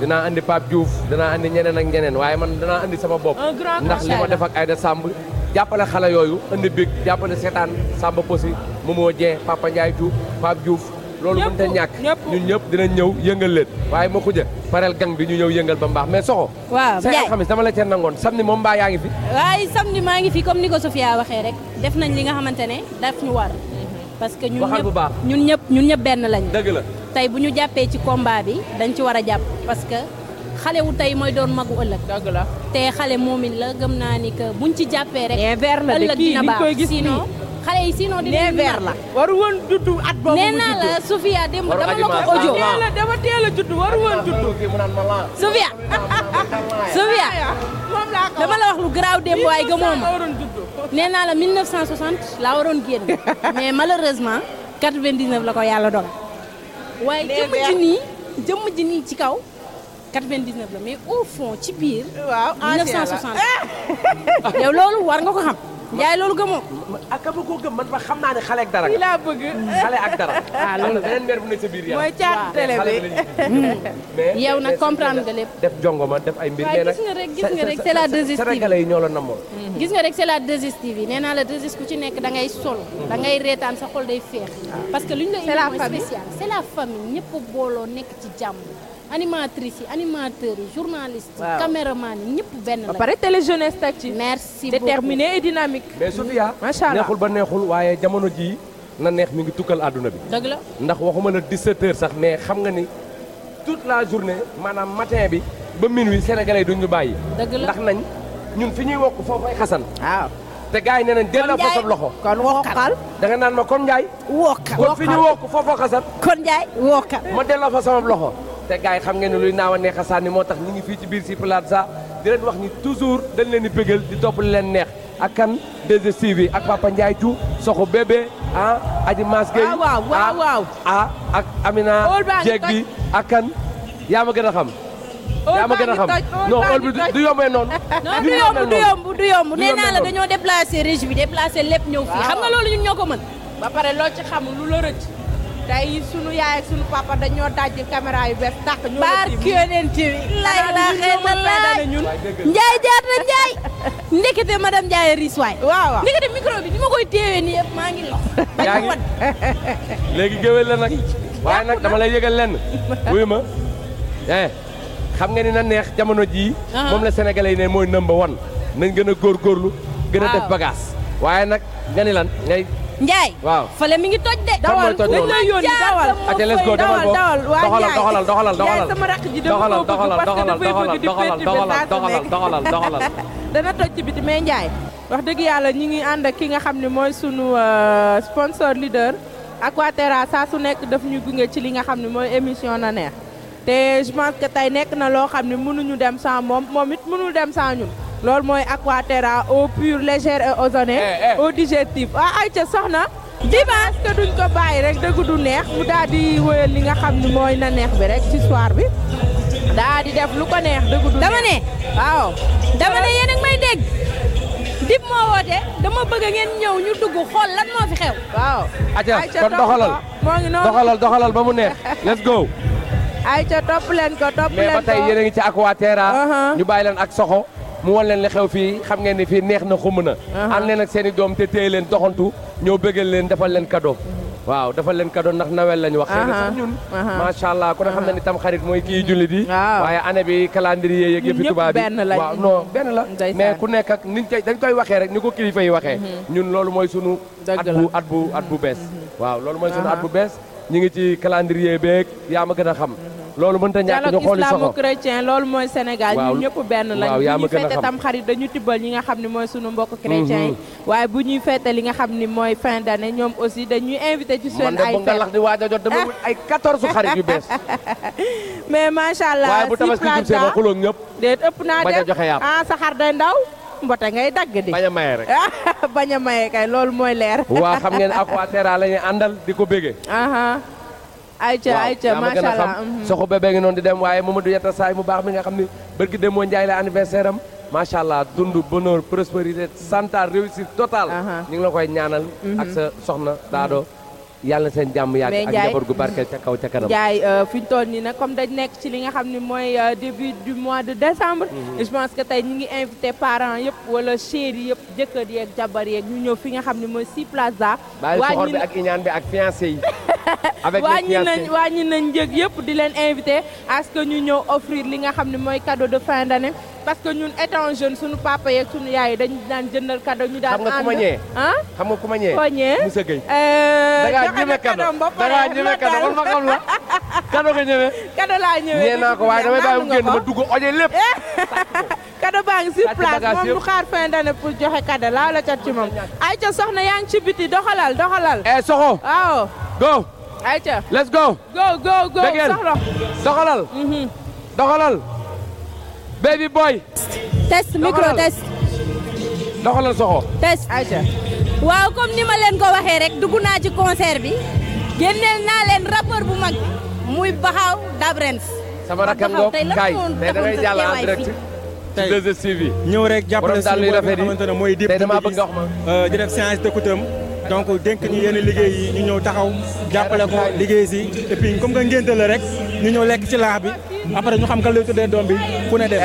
dinaa andi Pape Diouf dinaa andi ñeneen ak ñeneen waaye man dinaa andi sama bopp. ndax li ma def ak Aïda Samb jàppale xale yooyu andi big jàppale seetaan Samba Posi Momo Dieng Papa Ndiaye Diouf Pape Diouf. loolu mënut a ñàkk ñun ñëpp dinañ ñëw yëngal leen waaye ma xuja pareel gang bi ñu ñëw yëngal ba mbaax mais soxo waaw Ndiaye xam dama la cee nangoon samedi moom mbaa yaa ngi fi waaye samedi maa ngi fi comme ni ko Sofia waxee rek def nañ li nga xamante ne daf ñu war parce que ñun ñëpp ñun ñëpp ñun ñëpp benn lañ dëgg la tey bu ñu jàppee ci combat bi dañ ci war a jàpp parce que xale wu tey mooy doon magu ëllëg. dëgg te xale moomin la gëm naa ni que buñ ci jàppee rek. ëllëg na baax sinon xale yi sinon dinañ ver la. waru woon judd at boobu nee naa la Sofia dama la ko audio. dama teel a judd waru woon judd. Sofia. Sofia dama la wax lu garaaw démb waaye gëmoo ma. nee naa la 1960 laa waroon génn mais malheureusement la ko yàlla dogal. waaye jëmm ji nii jëmm ji nii ci kaw 99 la mais au fond ci biir. waaw 1960 yow loolu war nga ko xam. yaay loolu gëmoo. ak ma koo gëm man ma xam naa ne xale ak dara. kii laa bëgg. xale ak dara. waaw ah, loolu beneen mère bu ne sa biir yàlla. mooy caat télé bi hmm. yow nag comprendre nga lépp. def jongo ma def ay mbir. mais yi ñoo la namoon. Hmm. gis nga rek c'est la 2STV nee naa la 2 ku ci nekk da ngay solo. ngay reetaan sa xol day féex. Ah. parce que luñ la indi mooy spécial c'est la famille ñëpp booloo nekk ci jàmm animatrice yi animateurs yi journaliste yi. ñëpp benn la. ba pare télé jeunesse teg ci. merci beaucoup déterminé et dynamique. mais mm. ba neexul waaye jamono jii na neex mi ngi tukkal àdduna bi. dëgg la ndax waxuma la 17h sax mais xam nga ni toute la journée maanaam matin bi ba minuit sénégalais yi duñu bàyyi. dëgg la ndax nañ ñun fi ñuy wokk foofay xasan. waaw. te gars yi nee nañ delloo ko sa loxo. kon wokkal da nga naan ma kon Ndiaye. wokkal wokkal kon fi ñu wokk foofoo xasan. kon Ndiaye wokkal. ma delloo fa sama loxo. te gars xam ngeen ne luy naaw ne neex moo tax ñu ngi fii ci biir si Plaza di leen wax ni toujours dañ leen di bëggal di topp leen neex ak kan 2STV ak Papa Ndiaye Thiou Soxo bébé a ah, Aji Mas Gueye ah, waaw waaw a ah, ah ak Amina jeeg bi ak kan yaa ma gën yaa ma gën a xam non ol bi du yombee noonu non du yomb du yomb du yomb nee naa la dañoo déplacé région bi déplacé lépp ñëw fii xam nga loolu ñun ñoo lu la tey sunu yaay ak sunu papa dañoo dajji caméra yu bees tàq. ñoo barke yonent bi lay la xëy ñun. Ndiaye jaar na Ndiaye. riis waay. waaw waaw ndekete micro ni ma koy teewee nii léegi géwél la nag. waaye nag dama lay yëgal lenn. wuyu ma eh xam nga ni na neex jamono jii. Uh-huh. moom la sénégalais yi ne mooy number one nañ gën a góorlu gën a def bagaas waaye nag nga ni lan ngay. Ndiaye. waaw fële mi ngi toj de. dawal ku ma jaar sama fooy dawal dawal waa Ndiaye doxalal doxalal doxalal sama rakk ji dama koo bëgg parce que dafay bëgg di pétti doxalal doxalal dana toj ci biti mais Ndiaye. wax dëgg yàlla ñi ngi ànd ak ki nga xam ne mooy sunu euh, sponsor leader. Aquaterra saa su nekk daf ñu gunge ci li nga xam ne mooy émission na neex te je pense que tey nekk na loo xam ne mënuñu dem sans moom moom it mënul dem sans ñun. loolu mooy aquaterra eau pure légère et ozonée. eau eh, eh. digestive ah ayca soxna. dimanche que duñ ko bàyyi rek dëgg du neex mu daal di wëyal li nga xam ni mooy na neex bi rek ci soir bi. daa di def lu ko neex dëgg du dama ne. waaw dama ne yéen may dégg. dib moo woote dama bëgg ngeen ñëw ñu dugg xool lan moo fi xew. waaw ayca kon doxalal moo ngi noonu doxalal doxalal ba mu neex let's go. ayca topp leen ko topp leen ko mais ba tey yéen a ngi ci aquaterra. Uh-huh. leen ak soxo. mu wan leen li xew fii xam ngeen ni fii neex na xumb na ànd leen ak seen i doom te téye leen doxantu ñëw bëggal leen defal leen cadeau mhm. waaw dafa leen kado ndax nawel lañ wax xëy na sax ñun macha allah ku ne xam na ni tam xarit mooy kii jullit yi waaye année bi calendrier yeeg yëpp tubaab bi waaw non benn la mais ku nekk ak niñ koy dañ koy waxee rek ni ko kilifa yi waxee mhm. ñun loolu mooy sunu at bu at bu at bu bees mhm. waaw loolu mooy sunu at bu bees ñu ngi ci calendrier beeg yaa ma gën a xam loolu mënut a ñàkk ñu xooli soxor dialogue islamo loolu mooy Sénégal ñun ñëpp benn lañ bu ñuy fête tam xarit dañu tibbal ñi nga xam ne mooy sunu mbokk mhm. chrétien yi waaye bu ñuy fête li nga xam ni mooy fin d'année ñoom aussi dañuy invité ci seen ay fête di waaj a jot dama wut ay 14 xarit yu mais macha allah waaye bu tabaski jubsee ma xuloog ñëpp déet ëpp naa joxe yàpp ah day ndaw mbote ngay dagg di bañ a maye rek bañ a maye kay loolu mooy leer waa xam ngeen Aquaterra la ñuy àndal di ko bége ay ayca ayca macha allah mhm. soxu bébé ngi noonu di dem waaye Mamadou Yatta Saay mu baax mi nga xam ni bërki dem moo Njaay la anniversaire am macha allah dund bonheur prospérité santé réussite totale. ñu ngi la koy ñaanal. Mhm. ak sa soxna Daado. yàlla na seen jàmm yàgg ak njaboot gu barkeel ca kaw ca kanam. Ndiaye euh, fi ñu toll nii nag comme dañ nekk ci li nga xam ne mooy euh, début du mois de décembre. Mhm. je pense que tey ñu ngi invité parents yëpp wala chéri yëpp jëkkër yeeg jabar yeeg ñu ñëw fi nga xam ne mooy si plaza. waa ñu bàyyi bi ak iñaan avec wàññi nañ wàññi nañ yëpp di leen invité à que ñu ñëw offrir li nga xam ne mooy cadeau de fin d'année parce que ñun étant jeune suñu papa yeeg suñu yaay dañu daan jëndal cadeau ñu daan. ànd xam nga ku ma ñëwee. ah xam nga ku ma ñëwee. koo ñëwee Moussa Gueye. Euh, joxe na cadeau ba pare da ngaa ñëwee cadeau man ma xam la. cadeau nga ñëwee. cadeau laa ñëwee. nee naa ko waaye damay bàyyi mu génn ma dugg oje lépp. cadeau baa ngi sur place moom du laa la cat ci moom. ayca soxna yaa ci biti doxalal doxalal. Eh, soxo. waaw ayca let's go. go go go doxalal. Mhm. doxalal. baby boy. test micro test. doxalal soxo. test waaw comme ni ko waxee rek dugg naa ci concert bi. génneel naa leen rappeur bu mag muy Baxaw Dabrens. sama rakam ngoog Kaay tey da ngay jàll en direct ci 2STV ñëw rek jàppale suñu bopp nga xamante ne mooy. tey damaa bëgg nga wax ma euh, di def séance d'écoute am donc dénk ñu yenn liggéey yi ñu ñëw taxaw jàppale ko liggéey si et comme que ngénte la rek ñu ñëw lekk ci laax bi après ñu xam kan lay tuddee doom bi ku ne def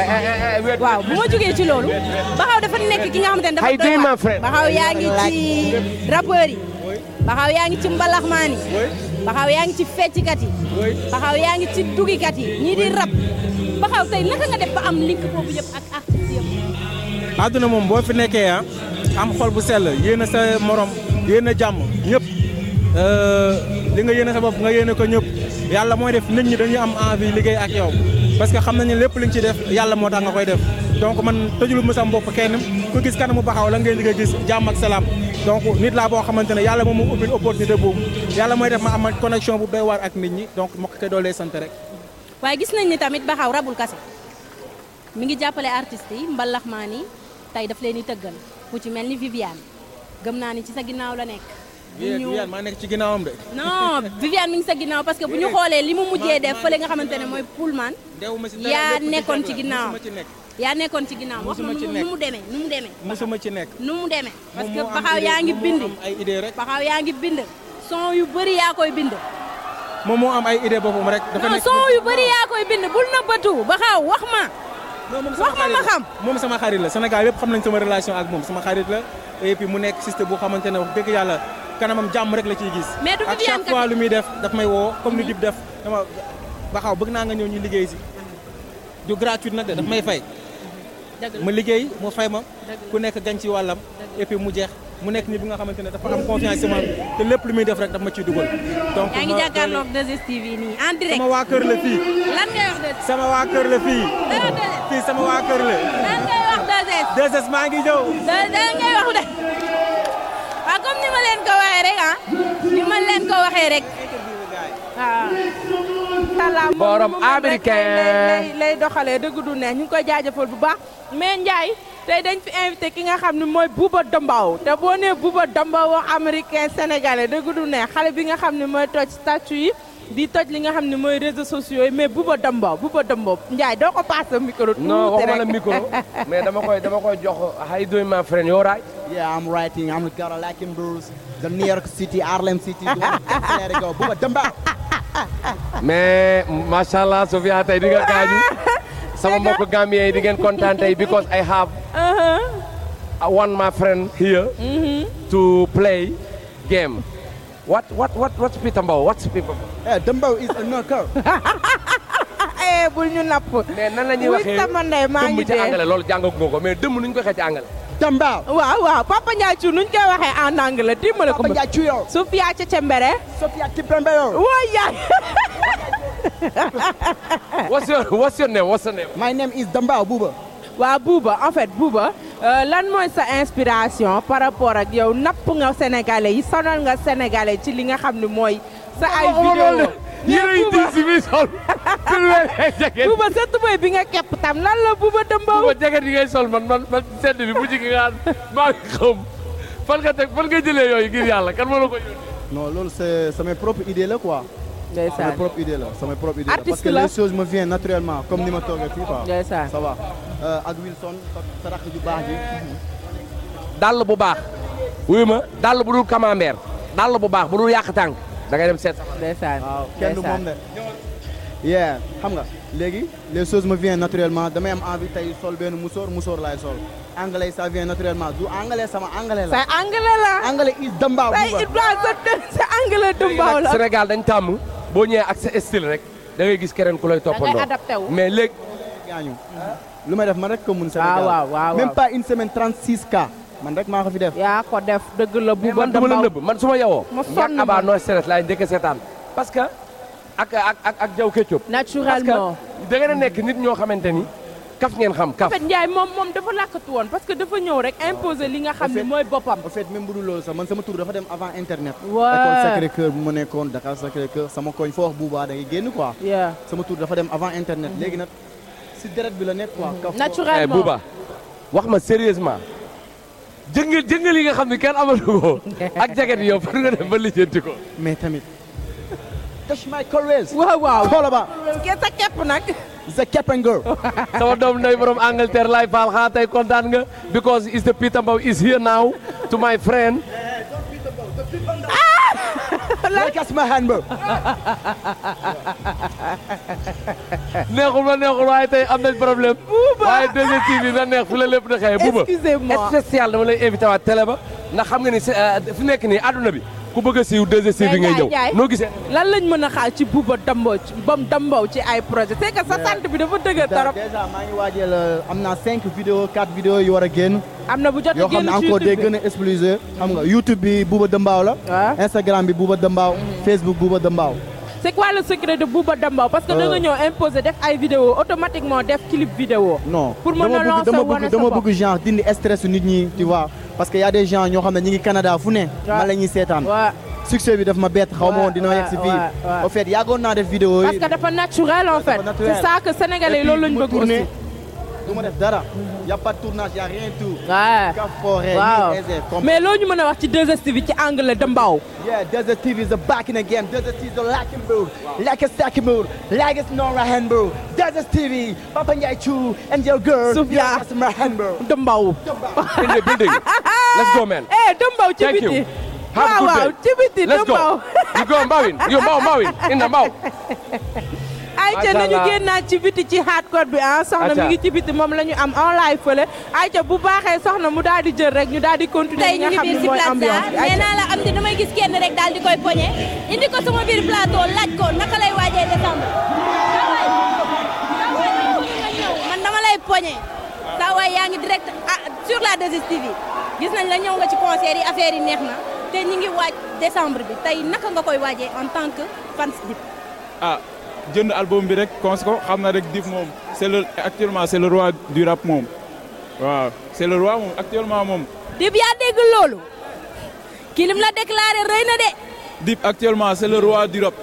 waaw bu ma jógee ci loolu baxaw dafa nekk ki nga xamante dafa doy baxaw yaa ngi ci rappeurs yi baxaw yaa ngi ci mbalaxmaan yi baxaw yaa ngi ci fecckat yi baxaw yaa ngi ci dugikat yi ñii di rap baxaw tey naka nga def am link boobu yëpp ak artiste yëpp àdduna moom boo fi nekkee ah am xol bu sell yéen a sa morom yéene jàmm ñëpp euh, li nga yéene sa bopp nga yéene ko ñëpp yàlla mooy def nit ñi dañuy am envie liggéey ak yow parce que xam nañu lépp li ñu ci def yàlla moo tax nga koy def donc man tëjulu ma sama bopp kenn ku gis kanamu baxaw la ngeen di gis jàmm ak salaam donc nit laa boo xamante ne yàlla moom mu ubbil opportunité boobu yàlla mooy def ma amal connexion bu doy waar ak nit ñi donc ma ko doolee sant rek. waaye gis nañ ni tamit baxaw rabul kase mi ngi jàppale artistes yi mbalaxmaan yi tey daf leen di tëggal ku ci mel ni Viviane. gëm naa ni ci sa ginnaaw la nekk. Viviane maa nekk ci ginnaawam de. non Viviane mi ngi sa ginnaaw parce que bu ñu xoolee li mu mujjee def fële nga xamante ne mooy Pullman. yaa nekkoon ci ginnaaw yaa nekkoon ci ginnaaw wax ma nu mu demee nu mu demee. nekk nu mu demee. parce que Paxaw yaa ngi bind. ay idée rek yaa ngi bind. son yu bëri yaa koy bind. moo moo am ay idée boppam rek. dafa nekk son yu bëri yaa koy bind bul na bëtu Paxaw wax ma. wax ma ma xam moom sama xarit la Sénégal yëpp xam nañ sama relation ak moom sama xarit la et puis mu nekk système bu xamante ne wax dëgg yàlla kanamam jàmm rek la ciy gis. ak chaque fois lu muy def daf may woo comme lu mm-hmm. dib def dama baxaw bëgg naa nga ñëw ñu liggéey si du gratuit nag de daf may fay ma liggéey mu fay ma ku nekk gañ ci wàllam et mu jeex mu nekk nit bi nga xamante ne dafa am confiance ci man te lépp lu muy def rek daf ma ciy dugal. donc yaa ngi jàkkaarloog 2STV nii en direct. sama waa kër la fii. lan sama waa kër la fii. fii wax 2S. 2 maa ngi ñëw. 2S ngay wax de waaw comme ni ma leen ko waxee rek ah ni ma leen ko waxee rek taala borom américain lay doxalee dëgg du neex ñu ngi koy jaajëfal bu baax mais Ndiaye tey dañ fi invité ki nga xam ne mooy Bouba Dombaaw te boo nee Bouba Dombaaw wax américain sénégalais dëgg du neex xale bi nga xam ne mooy toj statut yi di toj li nga xam ne mooy réseaux sociaux yi mais Bouba Dombaaw Bouba Dombaaw Ndiaye doo ko passé micro. tuuti rek non waxuma la micro mais dama koy dama koy jox how you doing my friend you alright? yeah I'm writing I'm Gara Lakin Bruce the mais macha allah Sofia tey di nga gaañu. sama mbokk Gambien yi di ngeen kontaan tey because I have. I uh-huh. want my friend here. Mm-hmm. to play game. What what what what's Peter Mbow? wat Peter eh, Mbow? Yeah, Dembow is a knockout. eh bul ñu napp. mais nan la ñuy waxee dëmm ci angale loolu jàngagu nga ko mais dëmm nu ñu ko waxee ci angale. Tamba. waaw waaw Papa Ndiaye Thiou nuñ koy waxee en anglais la ko. Papa Ndiaye yow. Sophia Cecembere. Sophia Cecembere yow. woo yaay. what's your what's your name what's your name. my name is Damba Bouba. waaw en fait Bouba euh, lan mooy sa inspiration par rapport ak yow napp nga sénégalais yi sonal nga sénégalais ci li nga xam ne mooy. sa ay vidéo yéen a si biir sol. buuba sa tubay bi nga képp tam lan la buuba dëmbaw. buuba jaket yi nga sol man man man sedd bi bu gi nga maa ngi xam fan nga teg yooyu ngir yàlla kan ma la ko yónnee. non loolu c'est sama propre idée la quoi. ndeysaan sama propre idée la sama propre idée la parce que les choses me viennent naturellement comme ni ma toogee fii quoi. ndeysaan ça euh, ak Wilson sa rakk ju baax dàll bu baax. wuyu ma dàll bu dul camembert dall bu baax bu dul yàq tànk. da ngay dem seet. ndeysaan waaw kenn du moom de. yeah xam nga léegi les choses me viennent naturellement damay am envie tey sol benn musóor musóor laay sol anglais ça vient naturellement du anglais sama anglais la. sa anglais la anglais is dambaaw. sa it sa anglais dambaaw la. Sénégal dañ tàmm boo ñëwee ak sa style rek da ngay gis keneen ku lay toppandoo da ngay mais léegi. gaañu lu ma def ma rek ko mun Sénégal. waaw ah, waaw waaw même pas une semaine 36 cas. man rek maa ko fi def. yaa ko def dëgg la bu ba dama la nëbb man su ma yewoo. ma sonn ma abaa nooy seret laay njëkk seetaan parce que ak ak ak ak jaw keccub. naturellement parce que a nekk nit ñoo xamante ni. kaf ngeen xam kaf. en fait Ndiaye moom moom dafa làkkatu woon parce que dafa ñëw rek imposer li nga xam ne mooy boppam. en fait même bu dul loolu sax man sama tur dafa dem avant internet. waaw bu ma nekkoon sama koñ foo wax buubaa da ngay génn quoi. tur dafa dem avant internet. léegi nag si deret bi la nekk quoi. Mm. naturellement eh, buuba wax ma sérieusement jëngal jëngal yi nga xam ne kenn amatu ko ak jaget yow fan nga dem ba lijjanti ko. mais tamit. touch my colways. waaw waaw xoolal ba. sa kepp nag. sa kepp and girl. sama doom nday borom Angleterre laay faal xanaa tey kontaan nga. because is the Peter Mbow is here now to my friend. Ah! like as my hand bro. neexul ma neexul waaye tey am nañ problème. waaye 2STV na neex fu la lépp na xëy buba spécial dama lay invité waa télé ba ndax xam nga ni euh, fi nekk nii àdduna bi ku bëgg a siiw 2STV ngay ñëw noo gisee lan lañ mën a xaar ci buba dambo bam dambaw ci ay projet te que sa tante bi dafa dëgër trop déjà maa ngi waajal euh, am naa cinq vidéo quatre vidéo yi war génn am na bu jot yoo xam ne encore day xam nga YouTube bi buba dëmbaaw la ah. Instagram bi buba dëmbaaw mm-hmm. Facebook buba dëmbaaw c'est quoi le secret de Bouba Damba parce que da nga euh. ñëw def ay vidéo automatiquement def clip vidéo non pour mën a lancer wane dama bëgg genre dindi stress nit ñi tu vois parce que y a des gens ñoo xam ne ñi ngi Canada fu ne ma la ñuy seetaan succès bi daf ma bett xaw ma woon dina yegg si fii au fait yàggoon naa def vidéo yi parce que dafa naturel en fait c'est ça que sénégalais loolu lañ bëgg du ma def dara. y' mais loo ñu mën a wax ci 2STV ci anglais de Mbao. yeah 2STV is back again 2STV is like in Mbour. like a stack in Mbour. Papa Ndiaye Thiou and girl. Soufia de Mbao. in eh, ci biti. thank a good day ci biti de Mbao. let's Mbawin you Mbaw Mbawin in the ayca nañu génnaat ci biti ci hardcore bi ah soxna mi ngi ci biti moom la ñu am en live fële ayca bu baaxee soxna mu daal di jël rek ñu daal di continuer tey ñu ngi biir si plaza nee naa la am di damay gis kenn rek daal koy poñe indi ko sama biir plateau laaj ko naka lay waajee décembre ah, la 2STV nañ la ñëw nga yi affaire yi bi tey naka nga koy waajee en tant que fans bi jënd album bi rek cons ko xam na rek Dip moom c'est le actuellement c'est le roi du rap moom waaw c'est le roi moom actuellement moom. Dip yaa dégg loolu. kilim la déclaré rëy na de. Dip actuellement c'est le roi du rap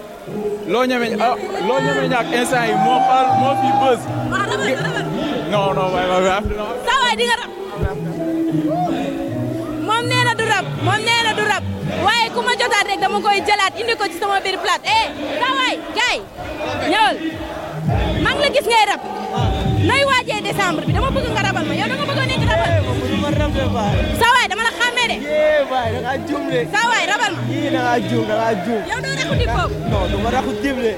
loo ah, loo ñeme ñàkk instant yi moo xaal moo fi buzz. Ah, non non waaye waaye. saa waay moom nee na du rab moom nee na du rab waaye ku ma jotaat rek dama koy jëlaat indi ko ci sama biir plate eh kawaay gaay ñëwal maa ngi la gis ngay rab nooy waajee décembre bi dama bëgg nga rabal ma yow da nga bëgg a nekk rabal eh, saa waay dama la xàmmee de saa eh, waay rabal ma eh, yow doo raxu dib boobu non dama raxu dib de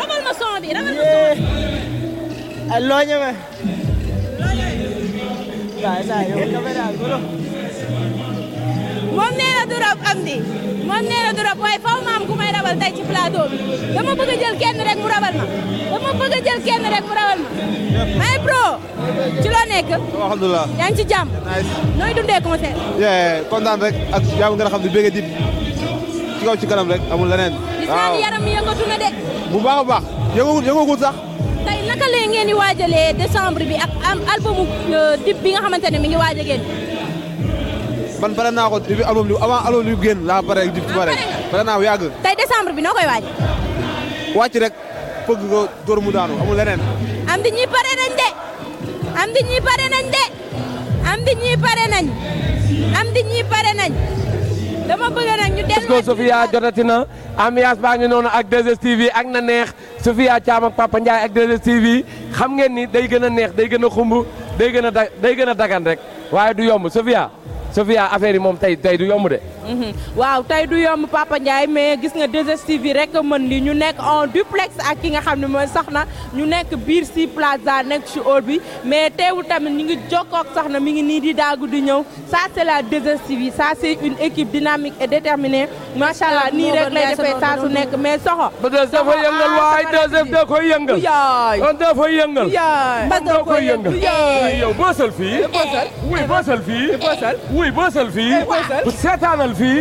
rabal ma son bi rabal ma son bi ah, loo ñeme loo ñeme waaw saa yow caméra moom nee du rab am di moom nee du rab waaye faw ma am ku may rabal tey ci plateau bi dama bëgg a jël rek mu rabal ma dama bëgg a jël rek mu rabal ma may pro ci loo nekk ci jàmm nooy dundee concert yee kontaan rek ak jàmm nga xam ne bëgg di ci kaw ci kanam rek amul leneen waaw yaram yëngatu de bu baax baax yëngagul yëngagul sax tey naka lee ngeen di waajalee décembre bi ak album euh, dip bi nga xamante ne mi ngi ban pare naa ko depuis album bi avant album bi génn laa pare di pare pare naa ko yàgg. tey décembre bi noo koy waaj. wàcc rek pëgg ko dóor mu daanu amul leneen. am di ñii pare nañ de. am di ñii pare nañ de. am di ñii pare nañ. am di ñii pare nañ. dama bëgg na ambiance baa ngi noonu ak 2STV ak na neex Sofia Thiam ak Papa ak 2STV xam ngeen ni day gën a neex day gën a xumb day gën a day gën a dagan rek waaye du yomb Sofia. Sofia affaire yi moom tey tey du yomb de. Mhm. waaw tey du yomb Papa Ndiaye mais gis nga 2STV yi rek mën li ñu nekk en duplex ak ki nga xam ne mooy Soxna ñu nekk biir si plaza nekk si hall bi mais teewul tamit ñu ngi jokkoo ak Soxna mi ngi nii di daagu di ñëw ça c'est la 2STV yi ça c'est une équipe dynamique et déterminée macha allah nii rek lay defee saa su nekk mais soxo. soxo dafa yëngal ah, waay 2STV da koy yëngal. yaay kon dafa yëngal. yaay kon da yëngal. yaay kuy bësal fii. Eh, bu seetaanal fii.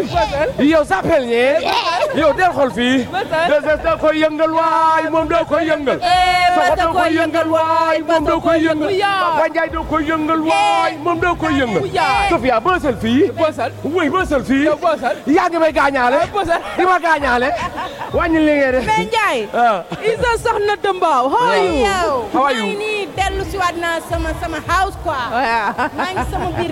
yow sàppel ñee. Eh. yow del xol fii. bësal da koy yëngal waay moom da koy yëngal. Eh, soxor da koy yëngal waay moom da koy yëngal. Papa Ndiaye da da koy yëngal. Sofia bësal fii. bësal wuy bësal fii. yaa ngi may gaañaale. di ma gaañaale. wàññi li ngeen def. mais Ndiaye. Ah. Isa soxna Dembaaw. how ah. dellu si waat naa sama sama house quoi. Ah. maa ngi sama biir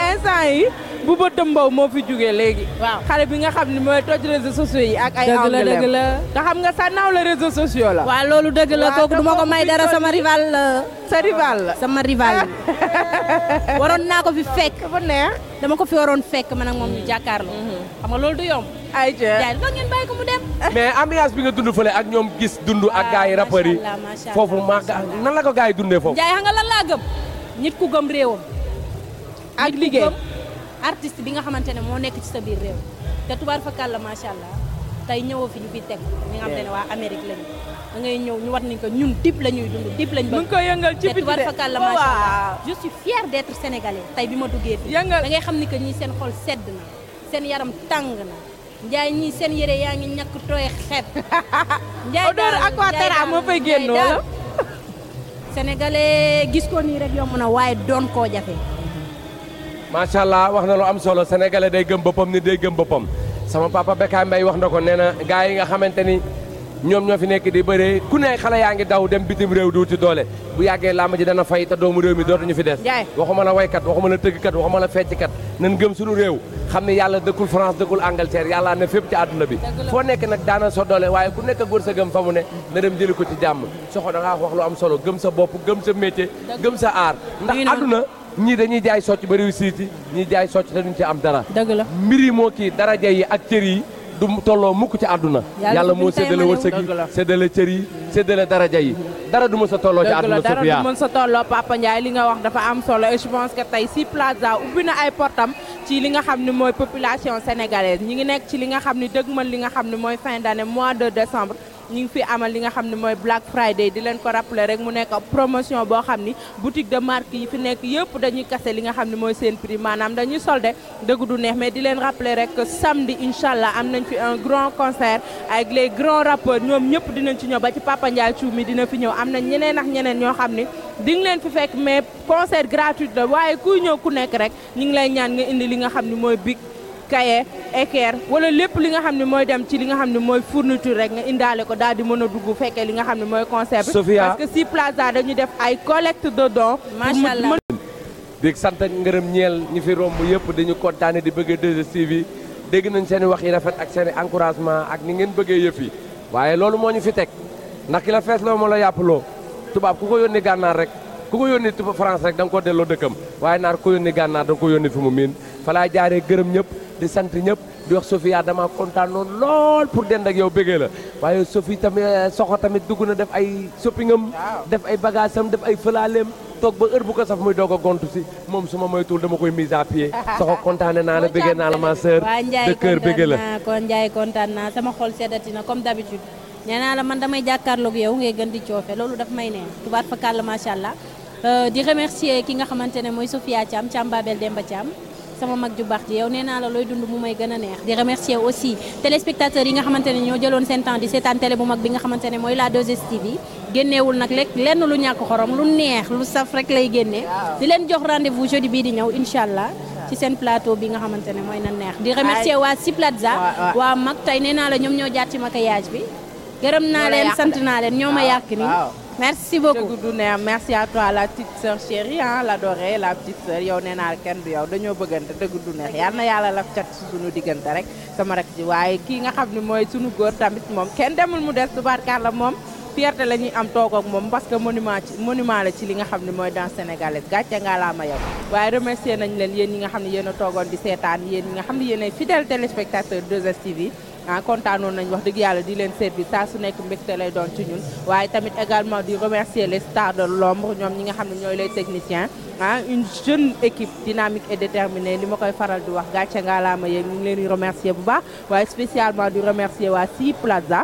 instant yi bu bëtt mbow moo fi jugee léegi. waaw xale bi nga xam ni mooy toj réseaux sociaux yi ak. ay anglais la te xam nga sa naaw la réseaux sociaux la. waaw loolu dëgg la kooku du ma ko may dara sama rival la. Euh, sa rival la sama rival la. waroon naa ko fi fekk. dafa neex dama ko fi waroon fekk man ak moom ñu jàkkaarloo. Mhm. xam nga loolu du yomb. ay jë jaay foog ngeen bàyyi mu dem. mais ambiance bi nga dund fële ak ñoom gis dund ak ah, gars yi rappeurs yi. foofu ma nan la ko gars yi dundee foofu. jaay xam nga lan laa gëm nit ku gëm ak liggéey artiste bi nga xamante ne moo nekk ci sa biir réew te tubaar fakàl la macha allah tey ñëwoo fi ñu fi teg ñi nga xamante Amérique lañu ngay ñëw ñu wat ni ko ñun dip la ñuy dund lañ bëgg mu ngi koy yëngal ci biti tubaar fakàl la macha allah je suis tey bi ma duggee fi da ngay xam ni que ñii seen xol sedd na seen yaram tàng na Njaay ñii seen yére yaa ngi ñàkk tooy xet Njaay odeur aquatera moo fay génn wala gis ko nii rek yomb na waaye doon koo jafe macha allah wax na lu am solo sénégalais day gëm boppam ni day gëm boppam sama papa Bécaye Mbaye wax na ko nee na gars yi nga xamante ni ñoom ñoo fi nekk di bëree ku ne xale yaa ngi daw dem bitim réew di wuti doole bu yàggee làmb ji dana fay te doomu réew mi doo dootuñu fi des waxuma la waykat waxuma la tëggkat waxuma la fecckat nan gëm suñu réew xam ne yàlla dëkkul France dëkkul Angleterre yàlla ne fépp ci àdduna bi foo nekke nag daana sa doole waaye ku nekk góor sa gëm mu ne na dem jëli ko ci jàmm soxo da ngaa wax lu am solo gëm sa bopp gëm sa métier gëm sa aar ñii dañuy jaay socc ba réussir ci jaay sooc te duñ ci am dara. dëgg la mbir yi moo kii daraja yi ak cër yi du tolloo mukk ci àdduna. yàlla moo séddale wërsëg yi séddale cër yi séddale daraja yi. dara du mën sa tolloo ci àdduna Sofia dara du sa tolloo Papa li nga wax dafa am solo et je pense que tey si Plaza ubbi na ay portam ci li nga xam ne mooy population sénégalaise ñi ngi nekk ci li nga xam ne dëgg man li nga xam ne mooy fin d'année mois de décembre. ñu ngi fi amal li nga xam ne mooy Black Friday di leen ko rappeler rek mu nekk promotion boo xam ni boutique de marque yi fi nekk yëpp dañuy kase li nga xam ne mooy seen prix maanaam dañuy soldé dëgg du neex mais di leen rappeler rek samedi incha allah am nañ fi un grand concert avec les grands rappeurs ñoom ñëpp dinañ ci ñëw ba ci Papa Ndiaye Thioumi dina fi ñëw am na ñeneen ak ñeneen ñoo xam ni di leen fi fekk mais concert gratuit la waaye kuy ñëw ku nekk rek ñu ngi lay ñaan nga indi li nga xam ni mooy big kaye équerre wala lépp li nga xam ne mooy dem ci li nga xam ne mooy fourniture rek nga indaale ko daal di mën a dugg fekkee li nga xam ne mooy concert bi parce que si plaza dañu def ay collecte de dons macha allah sant ngërëm ñeel ñi fi romb yëpp dañu kontaane di bëggee 2STV yi dégg nañ seen wax yi rafet ak seen i ak ni ngeen bëggee yëf yi waaye loolu moo ñu fi teg ndax ki la fees loo moo la yàppaloo tubaab ku ko yónni gànnaar rek ku ko yónni France rek da nga ko delloo dëkkam waaye naar ko yónni gànnaar da nga ko yónni fi fa laa jaaree gërëm ñëpp di sant ñëpp di wax Sofia ah, dama kontaan noonu lool pour dend ak yow bëggee la waaye Sophie tamit eh, soxo tamit dugg na def ay shoppingam def ay bagage am def ay fëlaaleem toog ba heure bu ko saf muy doog a gontu si moom su ma moytuwul dama koy mise à pied soxo kontaane naa la bëggee naa la ma sœur de cœur bëggee la kon Njaay kontaan naa sama xol seddati na comme d'habitude nee naa la man damay jàkkaarloog yow ngay gën di coofe loolu daf may neen tubaat fa kàll allah euh, di remercier ki nga xamante ne mooy Sophia Thiam Thiam Babel Demba Thiam sama mag ju baax ji yow nee naa la looy dund mu may gën a neex di remercier aussi téléspectateurs yi nga xamante ne ñoo jëloon seen temps di seetaan télé bu mag bi nga xamante ne mooy la 2STV yi génneewul nag lekk lenn lu ñàkk xorom lu neex lu saf rek lay génne di leen jox rande vous jeudi bii di ñëw incha allah ci seen plateau bi nga xamante ne mooy na neex di remercier waa Si Plaza waa mag tey nee naa la ñoom ñoo jaar ci maquillage bi gërëm naa leen sant naa leen ñoo ma yàq ni merci beaucoup gudd neex merci à toi la petite sœur chérie ah l'adorée la petite sœur yow nee naa kenn du yow dañoo bëggante dëgg du neex yal na yàlla laf cat si sunu diggante rek sama rek ji waaye kii nga xam ne mooy sunu góor tamit moom kenn demul mu des tubaarkàlla moom fierté la ñuy am toog ak moom parce que monument ci ci li nga xam ne mooy danse sénégalaise gàcce nga laa ma yow waaye remercier nañ leen yéen ñi nga xam ne yéen a di seetaan yéen nga xam ne yéen ay fidèle téléspectateur 2STV ah kontaanoon nañ wax dëgg yàlla di leen service saa su nekk mbégte lay doon ci ñun waaye tamit également di remercier les stars de l'ombre ñoom ñi nga xam ne ñooy les techniciens ah une jeune équipe dynamique et déterminée li ma koy faral di wax gàcce ngaalaama yéen ñu ngi leen di remercier bu baax waaye spécialement di remercier waa Si Plaza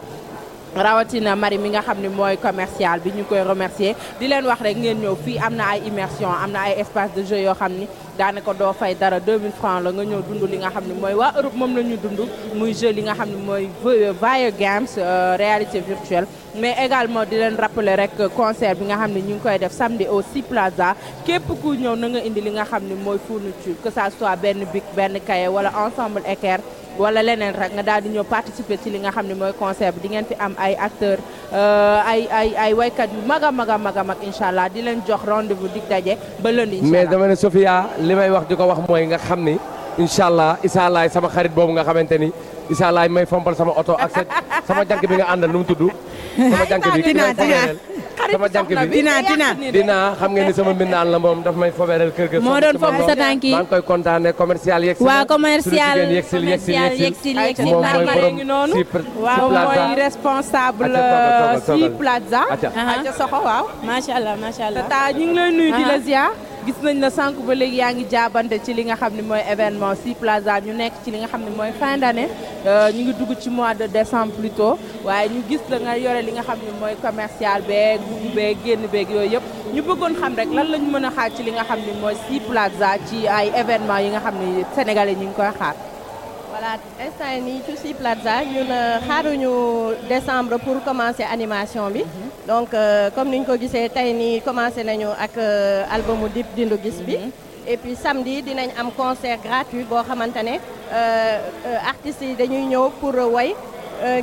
rawatina mari mi nga xam ne mooy commercial bi ñu koy remercier di leen wax rek ngeen ñëw fii am na ay immersion am na ay espace de jeu yoo xam ni daanaka doo fay dara 2000 francs la nga ñëw dund li nga xam ne mooy waa Europe moom na ñu dund muy jeu li nga xam ne mooy Vaio Games euh, réalité virtuelle mais également di leen rappeler rek concert bi nga xam ne ñu ngi koy def samedi au Sea Plaza képp ku ñëw na nga indi li nga xam ni mooy fourniture que ça soit benn bic benn cahier wala ensemble équerre wala leneen rek nga daal di ñëw participer ci li nga xam ne mooy concert bi di ngeen fi am ay acteurs euh, ay ay ay waykat yu mag a mag a mag a mag incha allah di leen jox rendez di dig daje ba lundi incha allah mais dama ne Sofia li may wax di ko wax mooy nga xam ni incha allah Issa Laye sama xarit boobu nga xamante ni Issa Laye may fompal sama oto ak sama jànk bi nga àndal nu mu tudd. sama jànk bi dinaa dinaa sama jànk bi dinaa dinaa dinaa xam ngeen ni sama mbindaan la moom daf may fobeereel kër ga moo doon fob sa tànk yi maa ngi koy kontaane commercial yeeg si waaw commercial yeeg si yeeg si yeeg si yeeg si moom mooy borom si waaw mooy responsable euh, si plaza aca soxo waaw macha allah macha allah tata ñu ngi lay nuyu di la ah. ziar gis nañ la sànq ba léegi yaa ngi jaabante ci li nga xam ne mooy événement si plaza ñu nekk ci li nga xam ne mooy fin d'année euh, ñu ngi dugg ci mois de décembre plutôt waaye ñu gis la nga yore li nga xam ne mooy commercial beeg dugg beeg génn beeg yooyu yëpp ñu bëggoon xam rek lan lañ mën a xaar ci li nga xam ne mooy si plaza ci ay événement yi nga xam ne sénégalais ñu ngi koy xaar voilà instant nii ci si plaza ñun euh, xaaruñu décembre pour commencer animation bi mm-hmm. donc euh, comme ni ñu ko gisee tey nii commencé nañu ak euh, albumu di Dindu gis bi mhm. et puis samedi dinañ am concert gratuit boo xamante ne euh, artistes yi dañuy ñëw pour woy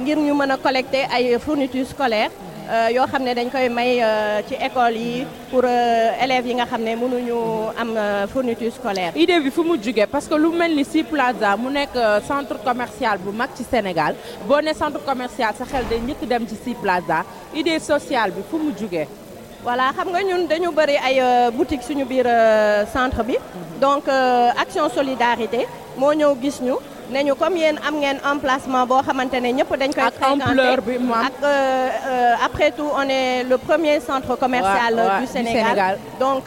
ngir ñu mën a collecter ay fournitures scolaires Euh, yoo xam ne dañ koy may euh, ci école yi pour euh, élèves yi nga xam ne mënuñu am fourniture scolaire. idée bi fu mu jugee parce que lu mel ni Sea Plaza mu nekk centre commercial bu mag ci Sénégal boo ne centre commercial sa xel day njëkk dem ci Sea Plaza idée sociale bi fu mu jugee. voilà xam nga ñun dañu bëri ay boutique suñu biir centre bi. Mhm. donc action solidarité moo ñëw gis ñu. ne ñu comme yéen am ngeen emplacement boo xamante ne ñëpp dañ koy. fréquenté ak ampleur bi euh, euh, après tout on est le premier centre commercial. Ouais, euh, ouais, du, Sénégal. donc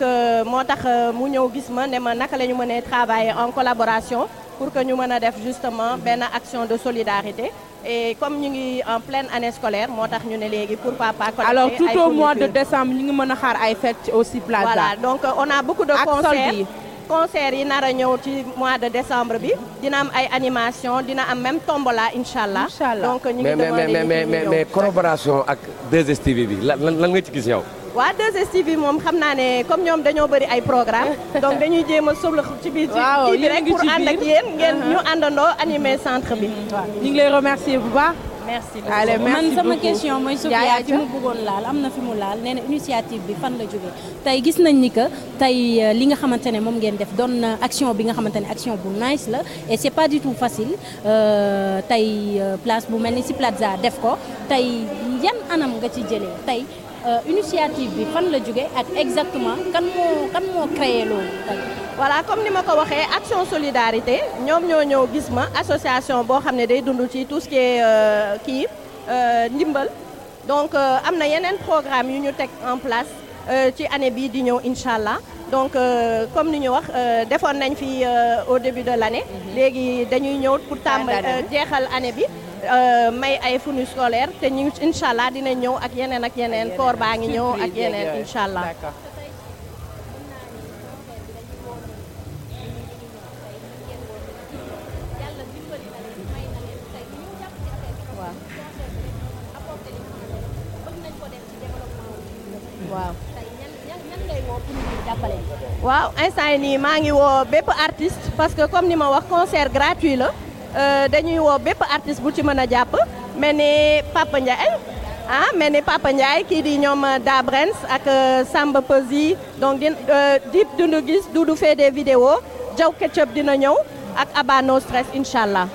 moo tax mu ñëw gis ma ne ma naka la ñu mënee travailler en collaboration pour que ñu mën a def justement benn action de solidarité. et comme ñu ngi en pleine année scolaire moo tax ñu ne léegi pour papa. alors tout au mois de décembre ñu ngi mën a xaar ay fête aussi plaza. voilà donc on a beaucoup de concerts concert yi nar a ñëw ci mois de décembre bi dina am ay animation dina am même tombola incha allah. donc ñu ngi demandé mais mais mais mais mais collaboration ak 2STV bi lan lan nga ci gis yow. waa 2 bi moom xam naa ne comme ñoom dañoo bëri ay programme donc dañuy jéem a sobla ci biir ci bi rek pour ànd ak yéen ngeen ñu uh-huh. àndandoo animé centre bi. ñu ngi lay bu baax. merci beaucoup man sama question mooy Sofia ci mu bëggoon laal am na fi mu laal nee na initiative bi fan la jógee tey gis nañ ni que tey euh, li nga xamante ne moom ngeen def doon na action bi nga xamante ne action bu nice la et c'est pas du tout facile euh, tey euh, place bu mel ni si Plaza def ko tey yan anam nga ci jëlee tey Euh, initiative bi fan la jóge ak exactement kan moo kan moo créé loolu voilà comme ni ma ko waxee action solidarité ñoom ñoo ñëw gis ma association boo xam ne day dund ci tout ce qui est euh, kii euh, ndimbal donc am na yeneen programme yu ñu teg en place ci année bii di ñëw incha allah donc comme ni ñu wax defoon nañ fi au début de l' année mhm. léegi dañuy ñëw pour tàmbali jeexal année bi Euh, may ay fourniture scolaire te ñu incha allah dina ñëw ak yeneen ak yeneen koor baa ngi ñëw ak yeneen incha allah waaw instant yi maa ngi woo bépp artiste parce que comme ni ma wax concert gratuit la Euh, dañuy woo bépp artiste bu ci mën a jàpp mel ni Papa Ndiaye ah mel ni Papa Ndiaye kii di ñoom euh, Dabrens ak euh, Samba Peuzzi donc di Dip Doundou Guiss du fait des vidéos Jaw Ketchup dina ñëw ak Abba No Stress incha allah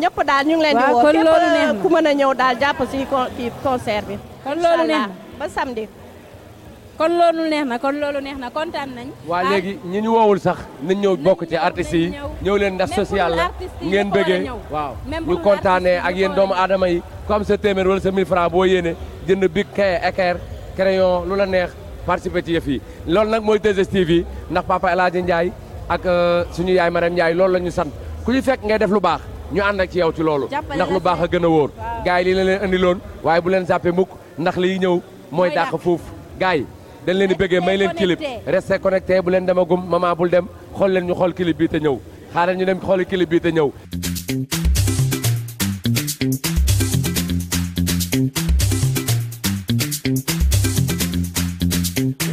ñëpp daal ñu ngi leen di woo képp ku mën a ñëw daal jàpp si kii concert bi. kon loolu ba samedi. kon loolu neex na kon loolu neex na kontaan nañ waa ah. léegi ñi ñu woowul sax nañ ñëw bokk ci artistes yi ñëw leen ndax social la ngeen bëggee waaw ñu kontaanee ak yéen doomu aadama yi ku sa téeméer wala sa 1000 francs boo yéene jënd big kaye équerre crayon lu la neex participer ci yëf yi loolu nag mooy 2STV yi ndax papa El Hadji Ndiaye ak euh, suñu yaay Marème Ndiaye loolu la ñu sant ku ñu fekk ngay def lu baax ñu ànd ak ci yow ci loolu ndax lu baax a gën a wóor gars yi lii la leen andi loon waaye bu leen jàppee mukk ndax liy ñëw mooy dàq foofu gars yi dañ leen di bëggee may leen clip restez connecté bu leen demagum maman bul dem xool leen ñu xool clip bii te ñëw xaaral ñu dem xooli clip bi te ñëw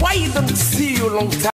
Why you don't see you long time